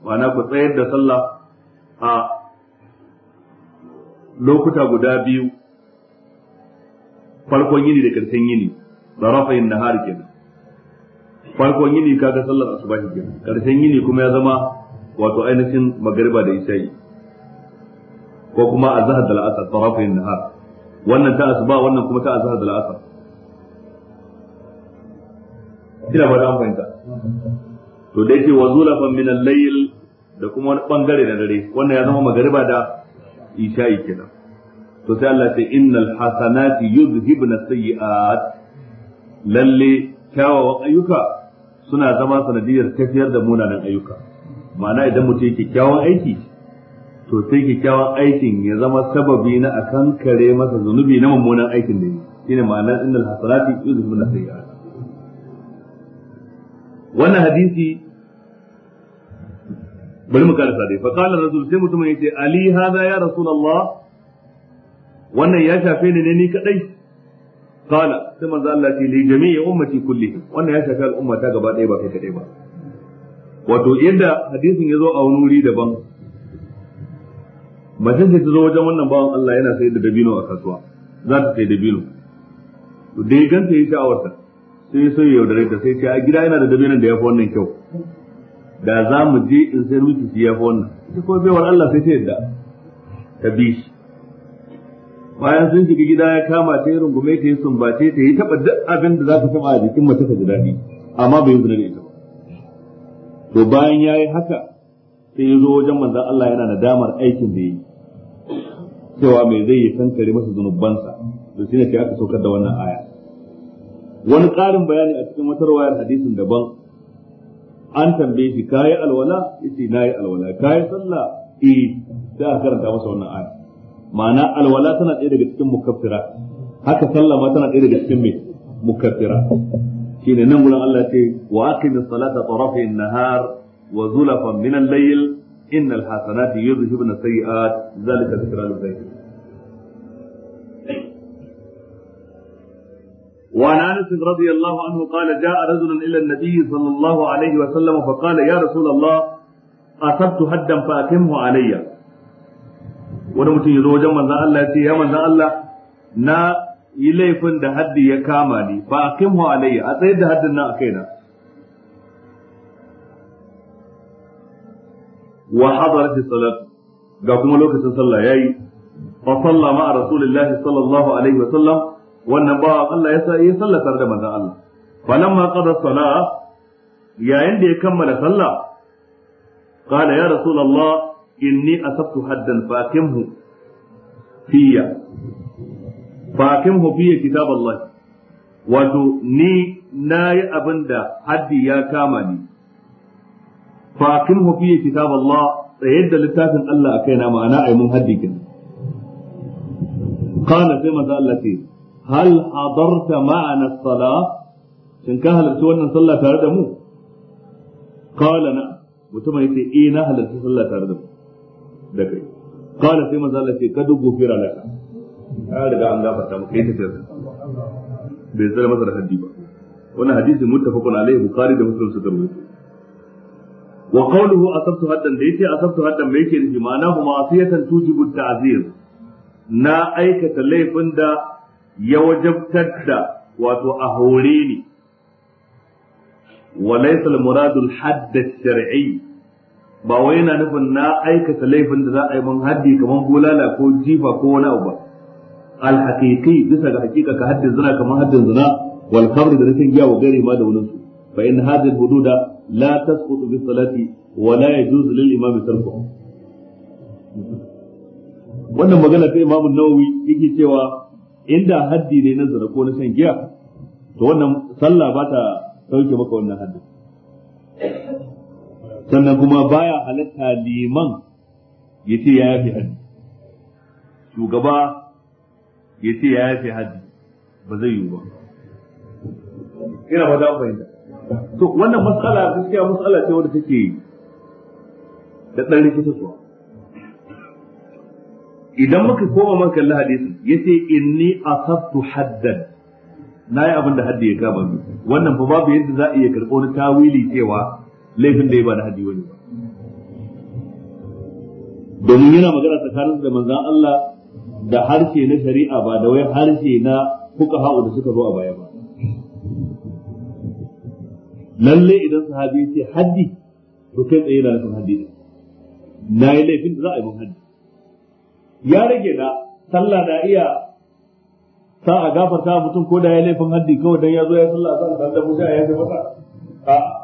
ma'ana ku tsayar da sallah a lokuta guda biyu farkon yini da karshen yini da rafayin ke farkon yini kaga sallar asubahi kenan karshen yini kuma ya zama wato ainihin magariba da isha'i ko kuma azhar da al'asr tarafayn nahar wannan ta asuba wannan kuma ta azhar da al'asr Kina ba da an fahimta to da yake wa zulafan min al-layl da kuma wani bangare na dare wannan ya zama magariba da isha'i kenan to sai Allah ya ce innal hasanati yuzhibna sayyi'at lalle kyawawan ayyuka suna zama sanadiyar tafiyar da munanan ayyuka ma'ana idan mutum yake kyawun aiki to sai kyakkyawan aikin ya zama sababi na a kankare masa zunubi na mummunan aikin da yi shine ma'anar innal hasanati yuzhibuna sayyi'at wannan hadisi bari mu karasa dai fa qala rajul sai mutumin yace ali hada ya rasulullah wannan ya shafe ne ni kadai qala sai manzo Allah ce li jami'i ummati kulli wannan ya shafi al'umma ta gaba ɗaya ba kai kadai ba wato yadda hadisin ya zo a wani wuri daban mace ce ta zo wajen wannan bawan Allah yana sayar da dabino a kasuwa za ta sai dabino to da ya ganta ya sha'awarta sai ya sauya yaudare ta sai ce a gida yana da dabinon da ya fi wannan kyau da za mu je in sayar miki shi ya fi wannan Ko kuma baiwar Allah sai ta yadda ta bi bayan sun shiga gida ya kama ta yi rungume ta yi sumbace ta yi taba duk abin da za ka sama a jikin mace ta ji daɗi amma bai zina da ita ba to bayan ya yi haka sai ya zo wajen manzan Allah yana nadamar aikin da ya yi cewa mai zai yi kankare masa zunubansa to ne sai aka saukar da wannan aya wani ƙarin bayani a cikin wata rawayar hadisin daban an tambaye shi kayi alwala yace nayi alwala kayi sallah eh a karanta masa wannan aya ma'ana alwala tana ɗaya daga cikin mukaffira haka sallah ma tana ɗaya daga cikin mai mukaffira shine nan gurin Allah ce wa aqimis salata tarafi nahar wa zulafan min al-layl innal hasanati yudhhibna sayi'at zalika dhikra lil-zakirin وعن انس رضي الله عنه قال جاء رجل الى النبي صلى الله عليه وسلم فقال يا رسول الله اصبت هدا فاتمه علي wani mutum ya zo wajen manzan Allah ya ce ya manzan Allah na yi laifin da haddi ya kama ni ba a kimhu alayya a tsayar da haddin nan a kaina wa hadarat salat ga kuma lokacin sallah yayi fa salla ma rasulullahi sallallahu alaihi wa sallam wannan ba Allah ya sa yi sallah tare da manzan Allah fa lamma qada salat yayin da ya kammala sallah qala ya rasulullah إني أصبت حدا فاكمه فيا فاكمه فيا كتاب الله وذو ني ناي أبندا حدي يا كامني فاكمه فيا كتاب الله سيد لتاس الله أكينا معنا من هدي كنا قال في مثال التي هل حضرت معنا الصلاة إن كان هل أتوانا صلى تاردمو قال نعم وتم يتئينا إيه هل أتوانا صلى تاردمو da kai kana sai manzo Allah ce ka dubu fira laka ka riga an gafarta maka ita ce bai zara masa da haddi ba wannan hadisi muttafaqun alaihi bukhari da muslim suka rawaito wa qawluhu asabtu haddan da yace asabtu haddan me yake nufi ma'ana huma asiyatan tujibu ta'zir na aikata laifin da ya wajabtar da wato a hore ne. wa laysa al-muradu al-hadd al-shar'i ba wai yana nufin na aikata laifin da za a yi mun haddi kamar bulala ko jifa ko wani abu ba alhaqiqi bisa ga hakika ka haddin zina kamar haddin zina wal khamr da rashin giya wa gari ma da wurin su fa in hadhihi hududa la tasqutu bi salati wa la yajuz lil imam tarku wannan magana ta an nawawi yake cewa inda haddi ne na zina ko na shan giya to wannan sallah ba ta sauke maka wannan haddin sannan kuma baya halatta liman ya ce ya yafi haddi shugaba ya ce ya yafi haddi ba zai yiwu ba ina ba za fahimta to wannan matsala gaskiya matsala ce wadda take da ɗan rikitarwa idan muka koma man kalli hadisin yace inni asabtu haddan nayi abin da haddi ya gaba wannan fa babu yadda za a iya karɓo ni tawili cewa laifin da ya ba da hadi wani ba domin yana magana tsakanin da manzan Allah da harshe na shari'a ba da wai harshe na kuka ha'u da suka zo a baya ba lalle idan sahabi ce haddi to kai tsaye na nufin haddi ne na yi laifin da za a yi mun haddi ya rage na sallah na iya sa a gafarta mutum ko da ya laifin haddi kawai dan ya zo ya sallah a sallah da mutum ya yi masa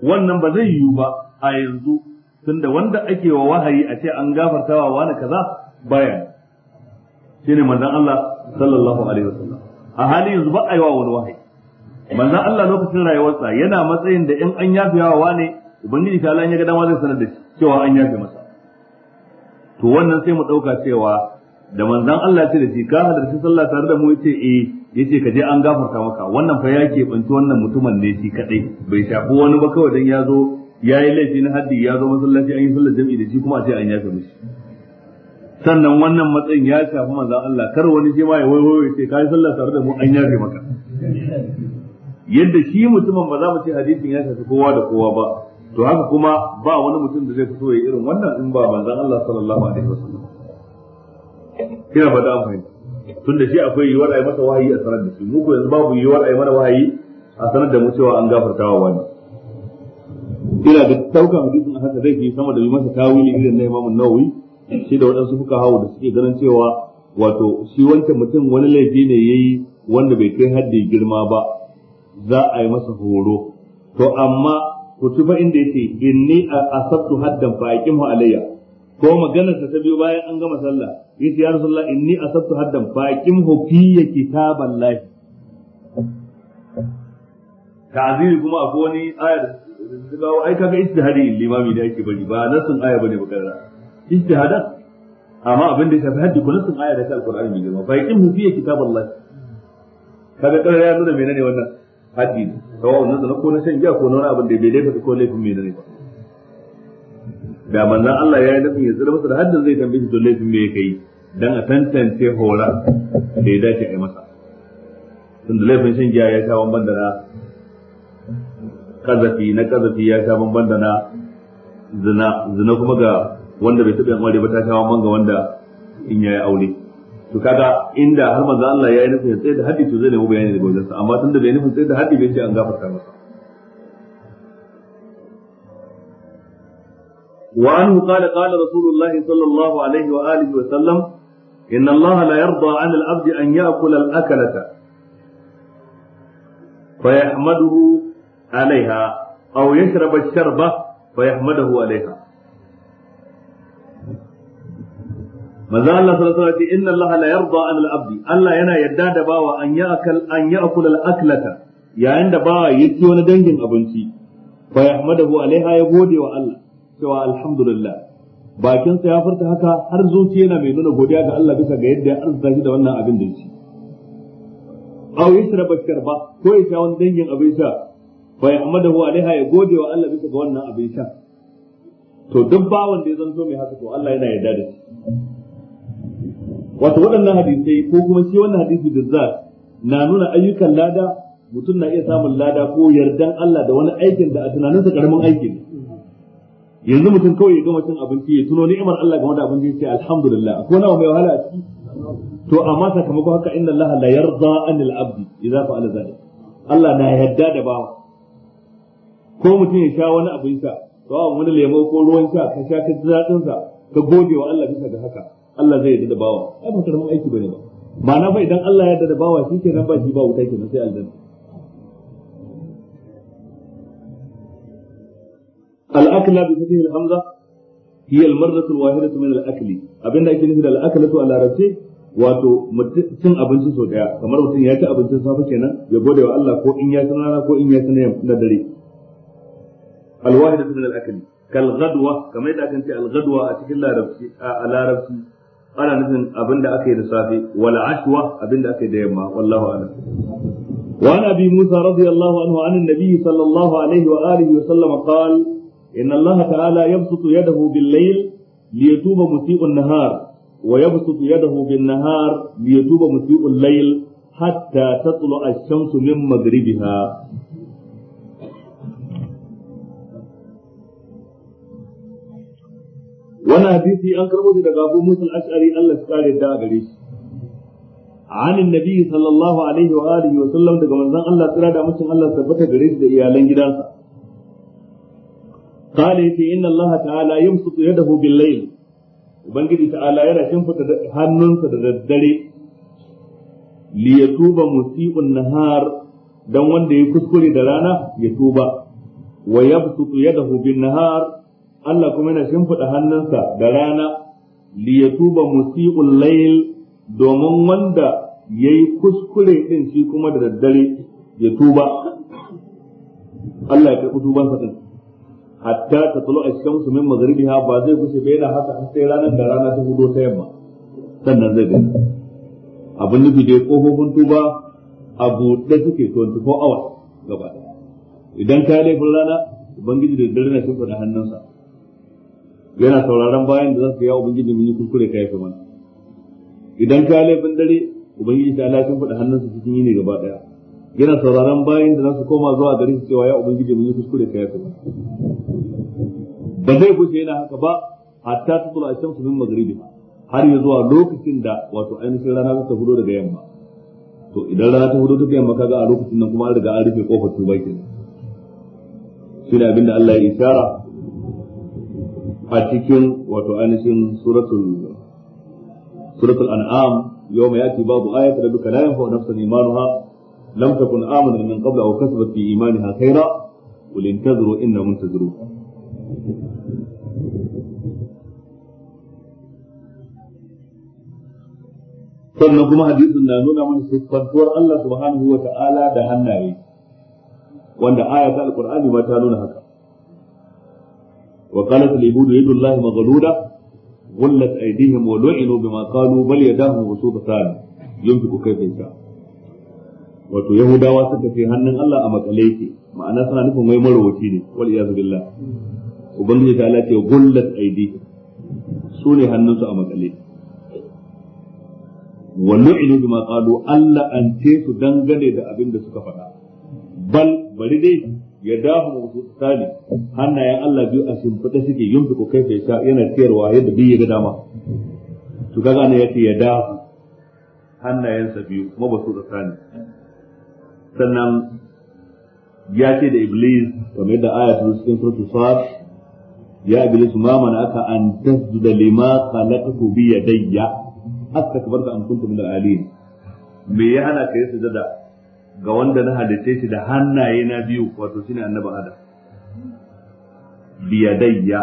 wannan ba zai yiwu ba a yanzu tunda wanda ake wa wahayi a ce an wa wani kaza baya ne manzan Allah sallallahu alaihi wasallam a hali yanzu ba a yi wa wani wahayi manzan Allah lokacin rayuwarsa yana matsayin da in an yafe wa wani ubangiji ta ya ga dama zai sanar da shi cewa an yafe masa to wannan sai mu dauka cewa da manzon Allah ce da shi ka halarci sallah tare da mu yace eh yace ka je an gafarta maka wannan fa ya ke banci wannan mutumin ne shi kadai bai shafi wani ba kawai dan ya zo ya yi laifi na haddi ya zo masallaci an yi sallar jami'i da shi kuma a ce an yafe mishi sannan wannan matsayin ya shafi manzon Allah kar wani shi ma ya wai ya ce ka yi sallah tare da mu an yafe maka yadda shi mutumin ba za mu ce hadisin ya shafi kowa da kowa ba to haka kuma ba wani mutum da zai fito ya irin wannan in ba manzon Allah sallallahu alaihi wasallam Kina ba da amfani tun da shi akwai yiwuwar ai masa wahayi a sanar da shi mu ko yanzu babu yiwuwar ai mana wahayi a sanar da mu cewa an gafarta wa wani ina da daukan hadisin haka zai fi sama da yi masa tawili irin na Imam Nawawi shi da waɗansu fuka hawo da suke ganin cewa wato shi wancan mutum wani laifi ne yayi wanda bai kai haddi girma ba za a yi masa horo to amma ku tufa inda yake inni asabtu haddan fa aqimhu alayya ko maganar ta biyo bayan an gama sallah yace ya rasulullah inni asabtu haddan faqim hufiya kitaballahi ta'ziri kuma akwai wani ayar da ai kaga ijtihadi limami da yake bari ba nasin aya bane ba karra ijtihadan amma abin da shafi haddi kullun sun aya da ta alqur'ani mai girma faqim hufiya kitaballahi kaga karra ya nuna menene wannan haddi ne kawai wannan na ko na shan giya ko na wani abin da bai daidai ko laifin menene ba da manzon Allah ya yi nufin ya tsira masa da haddin zai tambaye shi to laifin me yake yi dan a tantance hora da ya dace a yi masa tunda laifin shan giya ya sha bamban da na kazafi na kazafi ya sha bamban da na zina zina kuma ga wanda bai taɓa aure ba ta sha bamban ga wanda in ya yi aure to kaga inda har manzo Allah ya yi nufin tsaye da haddi to zai nemi bayani daga wajensa amma tunda bai nufin tsaye da haddi bai ce an gafarta masa وعنه قال قال رسول الله صلى الله عليه وآله وسلم إن الله لا يرضى عن العبد أن يأكل الأكلة فيحمده عليها أو يشرب الشربة فيحمده عليها manzo Allah sallallahu alaihi wasallam inna Allah la abdi Allah yana yadda da bawa an ya'kal an aklata yayin da bawa yake na dangin abinci fa yahmadahu alaiha ya gode wa Allah alhamdulillah bakinsa ya furta haka har zuciya yana mai nuna godiya ga Allah bisa ga yadda ya arzuta shi da wannan abin da yake aw yashraba ba, ko ya sha wani dangin abin sha fa huwa alaiha ya gode wa Allah bisa ga wannan abin sha to duk bawan da ya zanto mai haka to Allah yana yarda da shi wato waɗannan hadisai ko kuma shi wannan hadisi da za na nuna ayyukan lada mutum na iya samun lada ko yardan Allah da wani aikin da a tunaninsa karamin aiki ne yanzu mutum kawai ya gama cin abinci ya tuno ni'imar Allah game da abinci sai alhamdulillah ko nawa mai wahala a ciki to amma sakamakon haka inna Allah la yarda anil abdi idza fa'ala zalik Allah na yadda da bawa ko mutum ya sha wani abin sa to wani lemo ko ruwan sha ka sha ka zadin sa ka gode wa Allah bisa ga haka Allah zai yadda da bawa ai ba karamin aiki bane ba ma'ana fa idan Allah ya yarda da bawa shi kenan ba shi ba wuta kenan sai aljanna al'akla bi fitin hamza hiya al-marratu al-wahidatu min al-akli abinda ake nufi da al-aklatu a larabce wato cin abinci sau daya kamar mutum ya ci abincin safe kenan ya gode wa Allah ko in ya ci rana ko in ya ci na dare al-wahidatu min al-akli kal ghadwa kamar yadda akan ce al a cikin larabci larabci ana aka yi da safe wal ashwa abinda aka yi da yamma وعن ابي موسى رضي الله عنه عن النبي صلى الله عليه واله وسلم قال inna allaha ta'ala yabsutu yadahu bil layl liyatuba musii'un nahar wa yabsutu yadahu bin nahar liyatuba musii'ul layl hatta tatlu ash-shamsu min maghribiha wannan hadisi an karbo shi daga Allah ya kare da عن النبي صلى الله عليه وآله وسلم daga manzon Allah tsira da mutum Allah tabbata gare shi da iyalan gidansa qala yace inna allaha ta'ala yamsutu yadahu bil layl ubangiji ta'ala yana shimfita hannunsa da daddare li yatuba musii'un nahar dan wanda ya kuskure da rana ya tuba wa yabsutu yadahu bin nahar Allah kuma yana shimfida hannunsa da rana li yatuba musii'ul layl domin wanda yayi kuskure din shi kuma da daddare ya tuba Allah ya hatta ta tulo a shamsu min ha ba zai gushe bai yana haka har sai ranar da rana ta hudo ta yamma sannan zai gani abin nufi dai kofofin tuba a buɗe suke 24 hours gaba idan ka laifin rana ubangiji da dare na shimfa da hannunsa yana sauraron bayan da za su yawo ubangiji mun yi kuskure ka yafe mana idan ka laifin dare ubangiji ta Allah shimfa da hannunsa cikin yini gaba ɗaya yana sauraron bayan da za koma zuwa gari su cewa ya ubangiji mun yi kuskure ka kuma ba zai gushe yana haka ba hatta ta tula shamsu min magaribi. har yi zuwa lokacin da wato ainihin rana ta hudo daga yamma to idan rana ta hudo daga yamma kaga a lokacin nan kuma an riga an rufe kofar tuba ke. shine abin da Allah ya isara a cikin wato ainihin suratul suratul an'am yawma yati babu ayatin rabbika la yanfa'u nafsan imanuha لم تكن آمنت من قبل أو كسبت في إيمانها خيرا قل انتظروا إنا منتظرون ثم كما حديثنا نونا من ستفتور الله سبحانه وتعالى دهنا وان آية القرآن ما تانون هكا وقالت اليهود يد الله مغلولة غلت أيديهم ولعنوا بما قالوا بل يداهم وسوط ثاني ينفق كيف يشاء wato yahudawa suka ce hannun Allah a makale yake ma'ana suna nufin mai marwaci ne wal iyazu billah ubangiji ta Allah ce gullat aidi su ne hannunsu a makale wa lu'inu bima qalu Allah an ce su dangane da abin da suka faɗa bal bari dai ya dafa musu tsali hannayen Allah biyu a shimfiɗe suke ko kai sai yana ciyarwa yadda biyu ga dama to kaga ne yace ya dafa hannayensa biyu kuma ba su tsani sannan ya ce da iblis kamar yadda aya ta cikin suratul sad ya iblis ma mana aka an da lima khalaqtu bi yadayya ka an kuntu min al me ya hana ka yi sujada ga wanda na halitta shi da hannaye na biyu wato shine annabi adam bi yadayya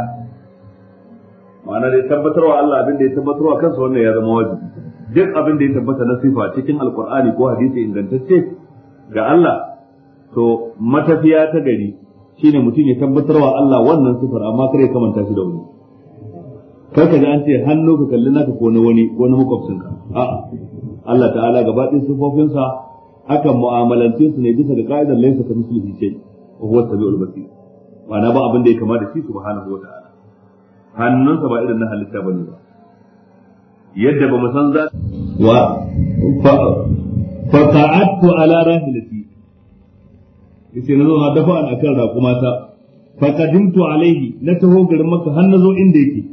ma'ana tabbatar tabbatarwa Allah abin da ya tabbatarwa kansa wannan ya zama wajibi duk abin da ya tabbata na sifa cikin alqur'ani ko hadisi ingantacce ga Allah to matafiya ta gari shine mutum ya tabbatar wa Allah wannan sifar amma kare kamanta shi da wani kar ka ji an ce hannu ka kalli naka ko na wani ko na makwabcinka a'a Allah ta'ala gaba ɗin sa akan mu'amalance su ne bisa ga ka'idar laisa ka mislihi shay wa huwa tabi'ul basir ma'ana ba abin da ya kama da shi subhanahu wa ta'ala sa ba irin na halitta bane ba yadda ba mu san za wa fa qa'adtu ala rahilati yace na zauna dafa an akan raƙumata fa qadimtu alaihi na taho garin maka har na zo inda yake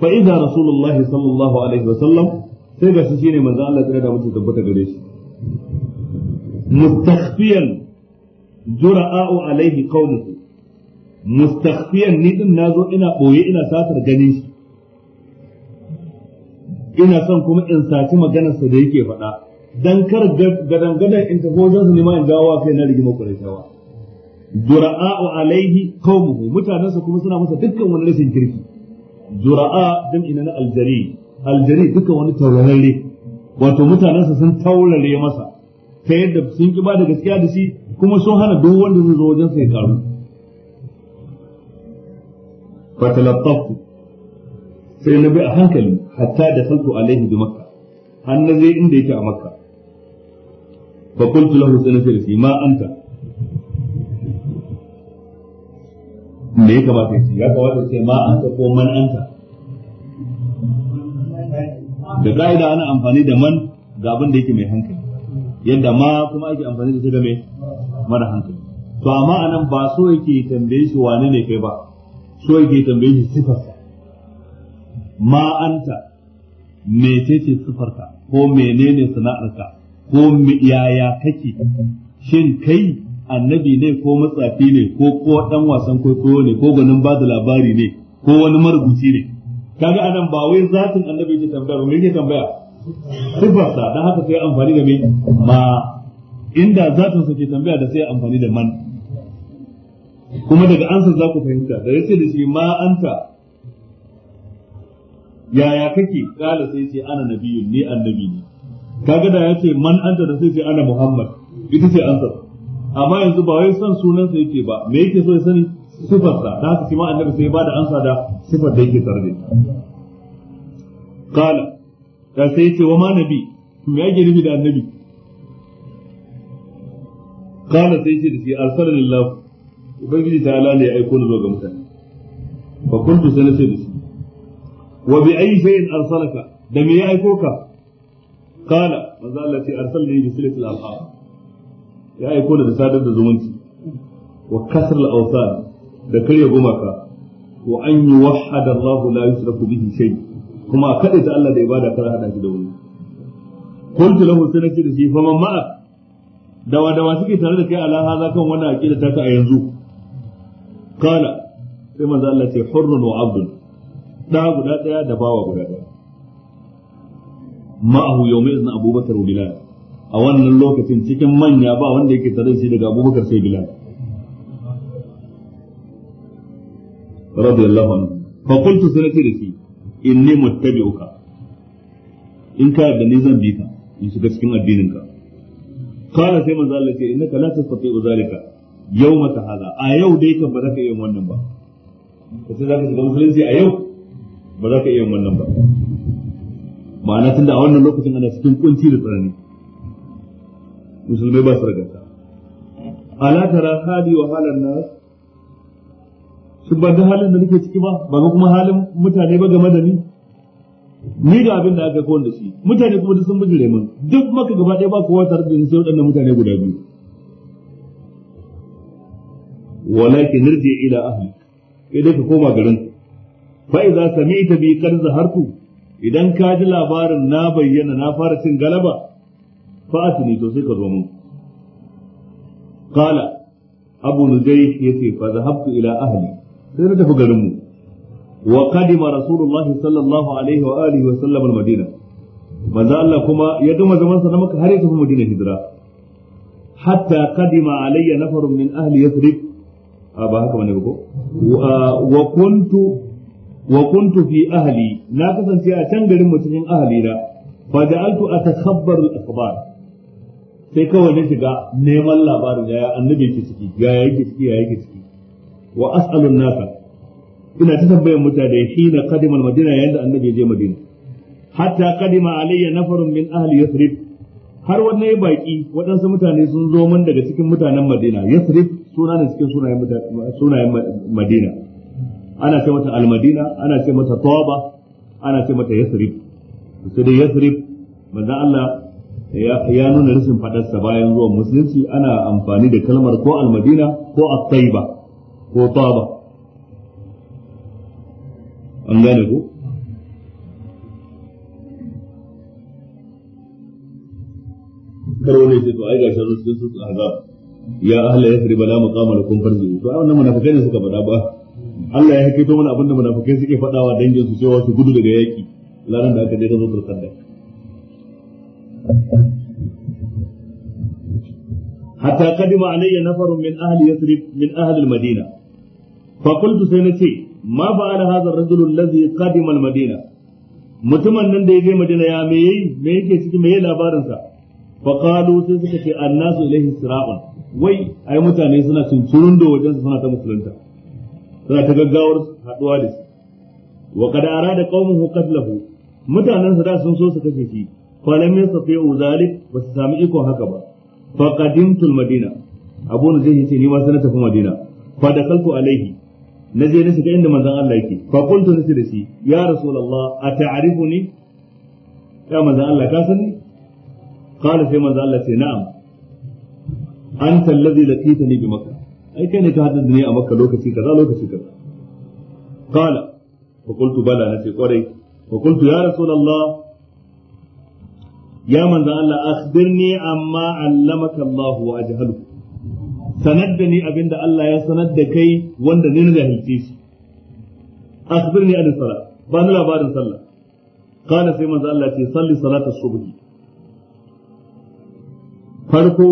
fa idza rasulullahi sallallahu alaihi wasallam sai ga shi shine manzo Allah ya da mutum tabbata gare shi mustakhfiyan jura'u alaihi qaumuhu mustakhfiyan ni din nazo ina boye ina satar ganin shi ina son kuma in saci maganarsa da yake faɗa dan kar gadan in tafi wajen su nima in jawo kai na rigima quraishawa dura'a'u alaihi qaumuhu mutanansa kuma suna masa dukkan wani rashin kirki dura'a jam'i na aljari aljari dukkan wani taurare wato mutanensa sun taurare masa ta yadda sun ki ba da gaskiya da shi kuma sun hana duk wanda zai zo wajen sa ya karu fatalattaftu sai na bi a hankali hatta da saltu alaihi bi makka har na zai inda yake a makka fa qultu lahu sai na ce shi ma anta me ya kamata ya ce kamata ya ce ma anta ko man anta da ka'ida ana amfani da man ga abin da yake mai hankali yadda ma kuma ake amfani da shi da mai mara hankali to amma anan ba so yake tambaye shi wane ne kai ba so yake tambaye shi sifarsa ma anta mecece sifarka ko menene sana'arka ko yaya kake shin kai annabi ne ko matsafi ne ko ko dan wasan kwaikwayo ne ko gwanin ba da labari ne ko wani marubuci ne kaga anan ba wai zatin annabi ke tambaya ba me yake tambaya sifarsa dan haka sai amfani da me ma inda zatin sa ke tambaya da sai amfani da man kuma daga ansa za ku fahimta da yace da shi ma anta yaya kake kala sai ce ana nabiyun ni annabi ne kaga da yace man anta da sai ce ana muhammad ita ce ansa. amma yanzu ba wai son sunan sa yake ba me yake so ya sani sifar sa da haka shi ma annabi sai ya bada ansa da sifar da yake tare da da sai yace wa ma nabi me yake nufi da annabi qala sai yace da shi arsalallahu ubangiji ta ala ne ya aiko ni zo ga mutane fa kuntu sai na ce da shi wa bi ayi shay'in arsalaka da me ya aiko ka kala manzo Allah ce arsalni bi silatil arham ya aiko da sadar da zumunci wa kasr al awsan da karya gumaka wa an yuwahhada Allah la yusraku bihi shay kuma kada ta Allah da ibada kar hada shi da wani kuntu lahu sanati da shi fa man ma'a dawa dawa suke tare da kai ala haza kan wannan aqida ta ka a yanzu kala sai manzo Allah ce hurrun wa abdun da guda daya da bawa guda daya ma'ahu yawma idzin abubakar wa bilal a wannan lokacin cikin manya ba wanda yake tare shi daga abubakar sai bilal radiyallahu anhu fa qultu sunati da shi inni muttabi'uka in ka da ni zan bi ka in shiga cikin addinin ka kana sai manzo Allah ya ce innaka la tastati'u zalika yawma hadha a yau dai kan ba za ka iya wannan ba kace za ka shiga musulunci a yau ba za ka iya wannan ba ma'ana tunda a wannan lokacin ana cikin kunci da tsanani musulmai ba su ragata ala tara hali wa halan nas shin ba ga halin da nake ciki ba ba ga kuma halin mutane ba game da ni ni ga abin da aka kawo da shi mutane kuma duk sun bijire min duk maka gaba ɗaya ba kowa tare da ni sai waɗannan mutane guda biyu walakin nirji ila ahli idan ka koma garin fa sami sami'ta bi kan zaharku idan ka ji labarin na bayyana na fara cin galaba fa asini to sai ka zo mun qala abu nujay yace fa zahabtu ila ahli sai na tafi garin mu wa qadima rasulullahi sallallahu alaihi wa alihi wa sallam al-madina manzo Allah kuma ya gama zaman sa na maka har ya tafi madina hijira hatta qadima alayya nafarun min ahli yathrib ba haka bane ko wa kuntu wa kuntu fi ahli na kasance a can garin mu cikin ahli na fa ja'altu atakhbbar al-akhbar sai kawai na shiga neman labarin ya annabi yake ciki ya yake ciki ya yake ciki wa as'alu nasa ina ta tambayar mutane hina qadima al-madina yayin da annabi je madina hatta qadima alayya nafarun min ahli yathrib har wannan baki waɗansu mutane sun zo mun daga cikin mutanen madina yathrib suna ne cikin sunayen madina ana ce mata almadina ana ce mata toba, ana ce mata yasrib sai dai yasrib manzo Allah ya nuna rashin fadarsa bayan zuwan musulunci ana amfani da kalmar ko almadina ko at-taiba ko toba. an gane ko kar wani ce to ai gashi sun sun azab ya ahla yasrib la maqama lakum farji to ai wannan munafikai ne suka faɗa ba Allah ya hakaito mana abinda munafikai suke faɗawa dangin su cewa su gudu daga yaki ranar da aka je da zuwa hatta kadima alayya nafarun min ahli yathrib min ahli al-madina fa qultu sai ma fa'ala hadha ar-rajul alladhi qadima al-madina mutumin nan da ya je madina ya me yayi me yake ciki me yayi labarin sa fa qalu sai suka ce annasu ilayhi sira'un wai ai mutane suna cin da wajen suna ta musulunta suna ta gaggawar haɗuwa da su wa da arada qaumuhu qatlahu mutanen ta sun so su kashe shi falam yastati'u zalik ba su sami ikon haka ba fa qadimtul madina abu na zai ce ni ma sai na tafi madina fa da a alaihi na je na shiga inda manzon Allah yake fa qultu nace da shi ya rasulullah ata'rifuni ya manzon Allah ka sani qala sai manzon Allah ce na'am anta alladhi laqitani bi makkah ai kai ne ka haɗa ne a maka lokaci kaza lokaci kaza qala fa qultu bala ce kwarai fa qultu ya rasulullah ya manzo Allah akhbirni amma allamaka Allah wa ajhalu sanar da ni abinda Allah ya sanar da kai wanda ni na jahilce shi akhbirni an salat ba ni labarin sallah kana sai manzo Allah ce salli salata subhi farko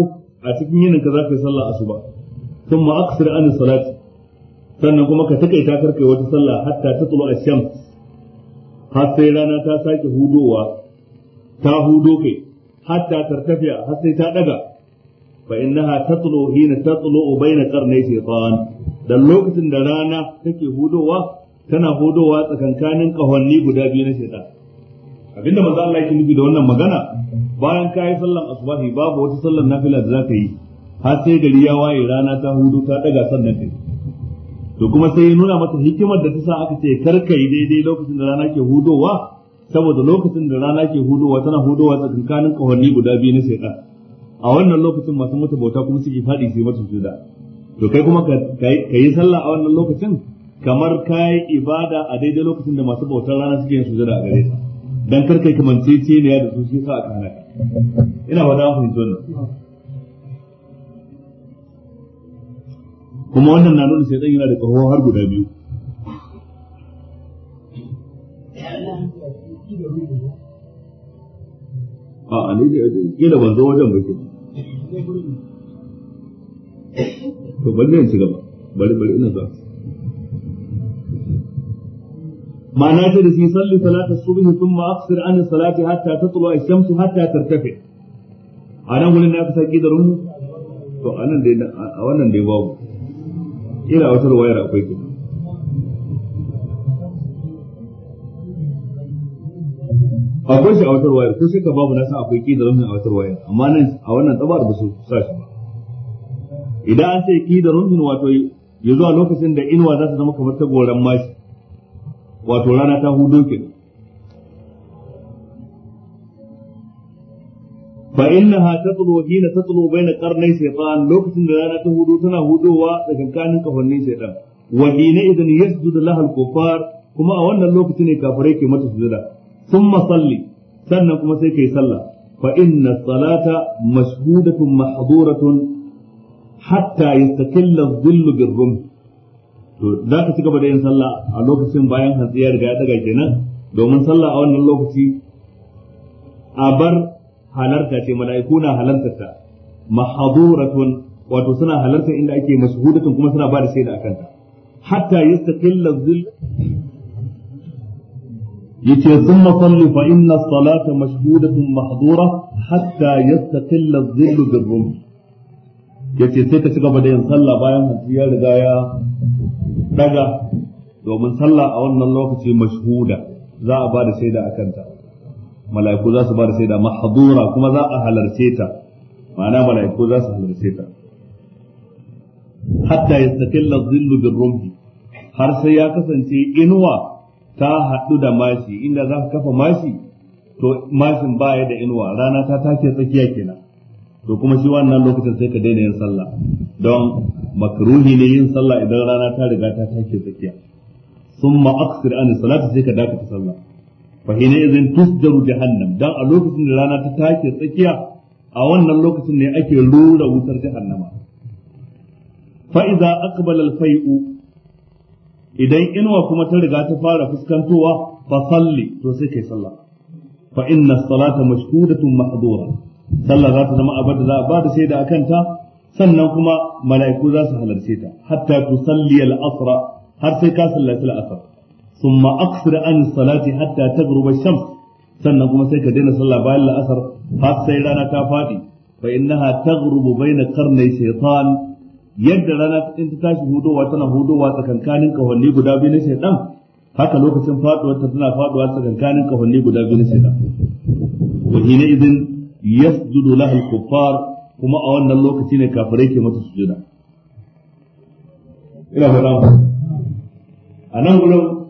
a cikin yinin ka zaka yi sallah asuba aka aqsir an salati sannan kuma ka takaita karkai wata sallah hatta ta tatlu a shan. har sai rana ta sake hudowa ta hudo kai hatta tafiya, har sai ta ɗaga. Ba daga fa innaha tatlu hina tatlu bayna ce shaytan dan lokacin da rana ta ke hudowa tana hudowa tsakankanin ƙahonni guda biyu na shaytan abinda maza Allah yake nufi da wannan magana bayan ka yi sallan asubahi babu wata sallan nafila da zaka yi har sai gari ya waye rana ta hudu ta daga sannan ne to kuma sai ya nuna masa hikimar da ta sa aka ce karka yi daidai lokacin da rana ke hudowa saboda lokacin da rana ke hudowa tana hudowa tsakankanin kawanni guda biyu na shaitan a wannan lokacin masu mata bauta kuma suke faɗi su yi mata sujuda to kai kuma ka yi sallah a wannan lokacin kamar ka yi ibada a daidai lokacin da masu bautar rana suke yin sujuda a gare ta dan karka kamar ce ne da su shi sa aka hana ina wada fahimci wannan kuma wannan na nuna sai shaitan yana da kaho har guda biyu a alaji kila ban zo wajen ba ke to balle in shiga gaba bari bari ina za ma'ana ta da shi salli salatar subhi thumma aqsir an salati hatta tatlu ash-shamsu hatta tartafi a nan gurin na ka saki da rumu to anan dai a wannan dai babu ila wata ruwayar akwai ke akwai shi a wata ruwayar ko shekar babu na san akwai ki da rumhin a wata ruwayar amma nan a wannan tsabar ba su sa shi ba idan an ce ki da rumhin wato ya zuwa lokacin da inuwa za ta zama kamar ta goran mashi wato rana ta hudu kenan fa innaha tatlu hina tatlu baina qarnai shaytan lokacin da rana ta hudu tana hudowa tsakankanin kafannin shaytan wa hina idan yasjudu laha al-kuffar kuma a wannan lokacin ne kafirai ke mata sujada thumma salli sannan kuma sai kai sallah fa inna salata mashhudatun mahduratun hatta yastakilla adh-dhillu bir to za ka ci gaba da yin sallah a lokacin bayan hantsi ya ya daga kenan domin sallah a wannan lokaci a bar halarta ce mala'iku na halartarta mahduratun wato suna halarta inda ake mashhudatun kuma suna ba da shaida a kanta. hatta yastaqilla dhil yace thumma salli fa inna salata mashhudatun mahdura hatta yastaqilla dhil birrum yace sai ka ci gaba da yin sallah bayan hantsi ya riga ya daga domin sallah a wannan lokaci mashhuda za a ba da shaida a kanta. mala'iku za su ba da shaida mahadura kuma za a halarce ta ma'ana mala'iku za su halarce ta hatta yastaqilla dhillu birrumhi har sai ya kasance inuwa ta haɗu da mashi inda za ka kafa mashi to mashin baya da inuwa rana ta take tsakiya kenan to kuma shi wannan lokacin sai ka daina yin sallah don makruhi ne yin sallah idan rana ta riga ta take tsakiya summa aqsir an salati sai ka dakata sallah fahina hina idhin tusdaru jahannam dan a lokacin da rana ta take tsakiya a wannan lokacin ne ake lura wutar jahannama fa idza aqbala al-fai'u idan inuwa kuma ta riga ta fara fuskantowa fa salli to sai kai sallah fa inna salata mashhudatun mahdura sallah za ta zama abin da za a ba da shaida akan ta sannan kuma mala'iku za su halarce ta hatta tusalli al-asra har sai ka sallaci al thumma aksir an salati hatta taghruba shams sannan kuma sai ka daina sallah bayan la'asar har sai rana ta fadi fa innaha taghrubu baina qarnay shaytan yadda rana in ta tashi hudowa tana hudowa tsakankanin kahonni guda biyu na shaytan haka lokacin faduwar ta tana faduwa tsakankanin kahonni guda biyu na shaytan wa hina idin yasjudu lahu al-kuffar kuma a wannan lokaci ne kafirai ke mata sujuda ina faɗa a nan gurin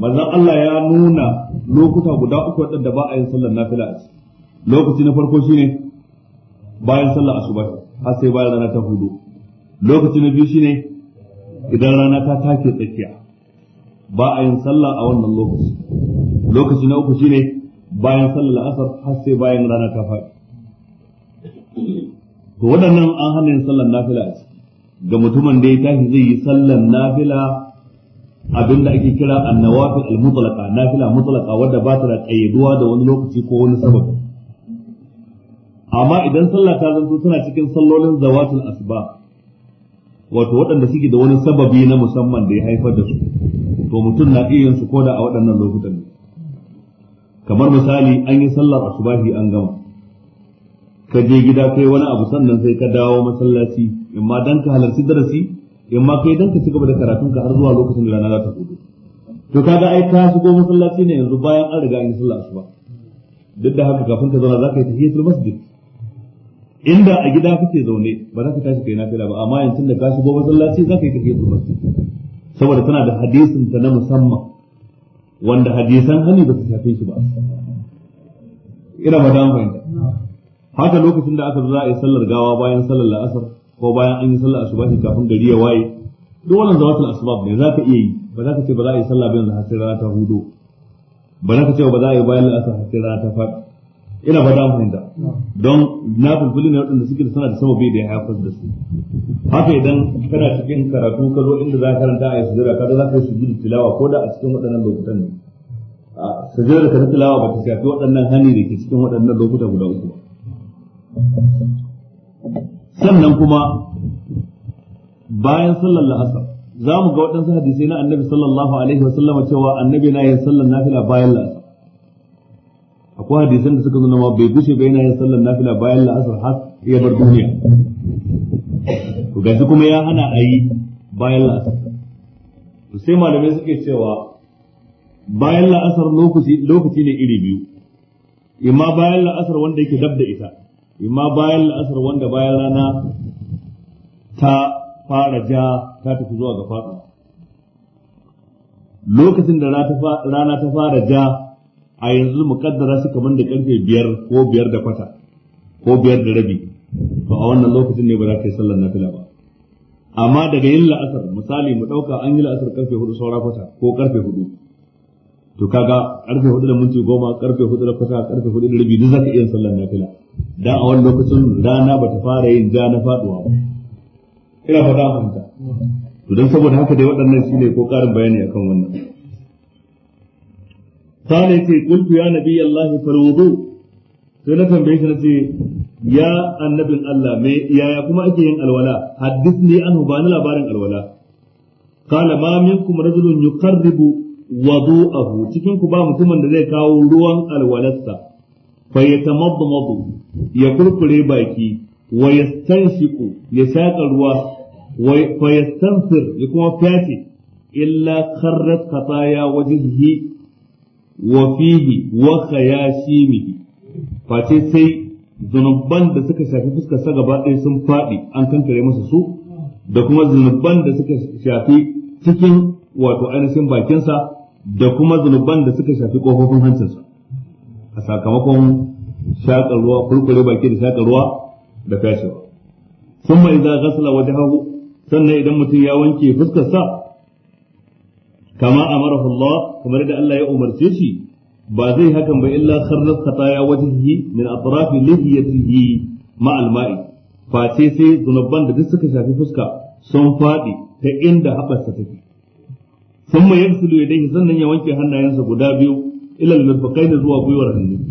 manzon Allah ya nuna lokuta guda uku waɗanda ba a yin sallar nafila a ciki lokaci na farko shine bayan sallar asuba har sai bayan rana ta hudu lokaci na biyu shine idan rana ta take tsakiya ba a yin sallah a wannan lokaci lokaci na uku shine bayan sallar asar har sai bayan rana ta faɗi to waɗannan an hana yin sallar nafila a ciki ga mutumin da ya tashi zai yi sallar nafila abinda ake kira annawafil al-mutlaqa nafila mutlaqa wadda ba ta da kayyaduwa da wani lokaci ko wani sababi amma idan sallah ta zanto tana cikin sallolin zawatul asbab wato waɗanda suke da wani sababi na musamman da ya haifar da su to mutum na iya yin su koda a waɗannan lokutan kamar misali an yi sallar asubahi an gama ka je gida kai wani abu sannan sai ka dawo masallaci imma dan ka halarci darasi Yamma kai dan ka cigaba da karatun ka har zuwa lokacin da rana za ta hudu to kaga ai ka shigo masallaci ne yanzu bayan an riga an yi sallah asuba duk da haka kafin ka zauna za ka yi tahiyatul masjid inda a gida kake zaune ba za ka tashi kai nafila ba amma yanzu da ka shigo masallaci za ka yi tahiyatul masjid saboda tana da hadisin ta na musamman wanda hadisan hali ba su shafe shi ba ina ba dan fahimta haka lokacin da aka zo za a yi sallar gawa bayan sallar la'asar ko bayan an yi sallar asuba ne kafin gari ya waye duk wannan zawatul asbab ne za ka iya yi ba za ka ce ba za a yi sallah bayan da hasira ta hudu ba za ka ce ba za a yi bayan la'asar hasira ta faɗi ina ba da fahimta don na fulfuli ne waɗanda suke da suna da sababi da ya haifar da su haka idan kana cikin karatu ka zo inda za ka karanta a yi sujjada ka za ka yi sujjada tilawa ko da a cikin waɗannan lokutan ne sujjada ka tilawa ba ta shafi waɗannan hani da ke cikin waɗannan lokuta guda uku ba sannan kuma bayan sallar la'asar za mu ga waɗansu hadisai na annabi sallallahu alaihi wasallama cewa annabi na yin sallar nafila bayan la'asar akwai hadisan da suka zuna ma bai gushe bai na yin sallar nafila bayan la'asar har ya bar duniya Ku gaji kuma ya hana a yi bayan la'asar sai malamai suke cewa bayan la'asar lokaci ne iri biyu imma bayan la'asar wanda yake dab da ita imma bayan la'asar wanda bayan rana ta fara ja ta tafi zuwa ga faɗo lokacin da rana ta fara ja a yanzu mu kaddara shi kamar da karfe biyar ko biyar da kwata ko biyar da rabi to a wannan lokacin ne ba za ka yi sallar nafila ba amma daga yin la'asar misali mu ɗauka an yi la'asar karfe hudu saura kwata ko karfe hudu to kaga karfe hudu da minti goma karfe hudu da kwata karfe hudu da rabi duk ka iya sallar nafila dan a wani lokacin rana bata fara yin ja na faduwa ba ina faɗa hanta to dan saboda haka dai waɗannan shine ko karin bayani akan wannan sai ce qultu ya Allah fal wudu sai na tambaye shi nace ya annabin Allah me yaya kuma ake yin alwala hadithni anhu bani labarin alwala kana ma minkum rajulun yuqarribu wudu'ahu cikin ku ba mutumin da zai kawo ruwan alwalarsa fa yatamadmadu ya kurkure baki wa yastanshiqu ya saka ruwa wa yastanfir ya kuma fyace illa kharrat khataya wajhihi wa fihi wa khayashimihi face sai zunuban da suka shafi fuskar gaba ɗaya sun faɗi an kankare masa su da kuma zunuban da suka shafi cikin wato ainihin bakinsa da kuma zunuban da suka shafi kofofin hancinsa a sakamakon shaƙar ruwa kurkure baki da shaƙar ruwa da kashewa summa idza waje wajhahu sannan idan mutum ya wanke fuskarsa kama amarahu Allah kamar da Allah ya umarce shi ba zai hakan ba illa kharrat khataya wajhihi min atrafi lihiyatihi ma alma'i face sai zunubban da duk suka shafi fuska sun faɗi ta inda haɓarsa take sun mai yansu ya dai sannan ya wanke hannayensa guda biyu ilal mirfaƙai da zuwa gwiwar hannu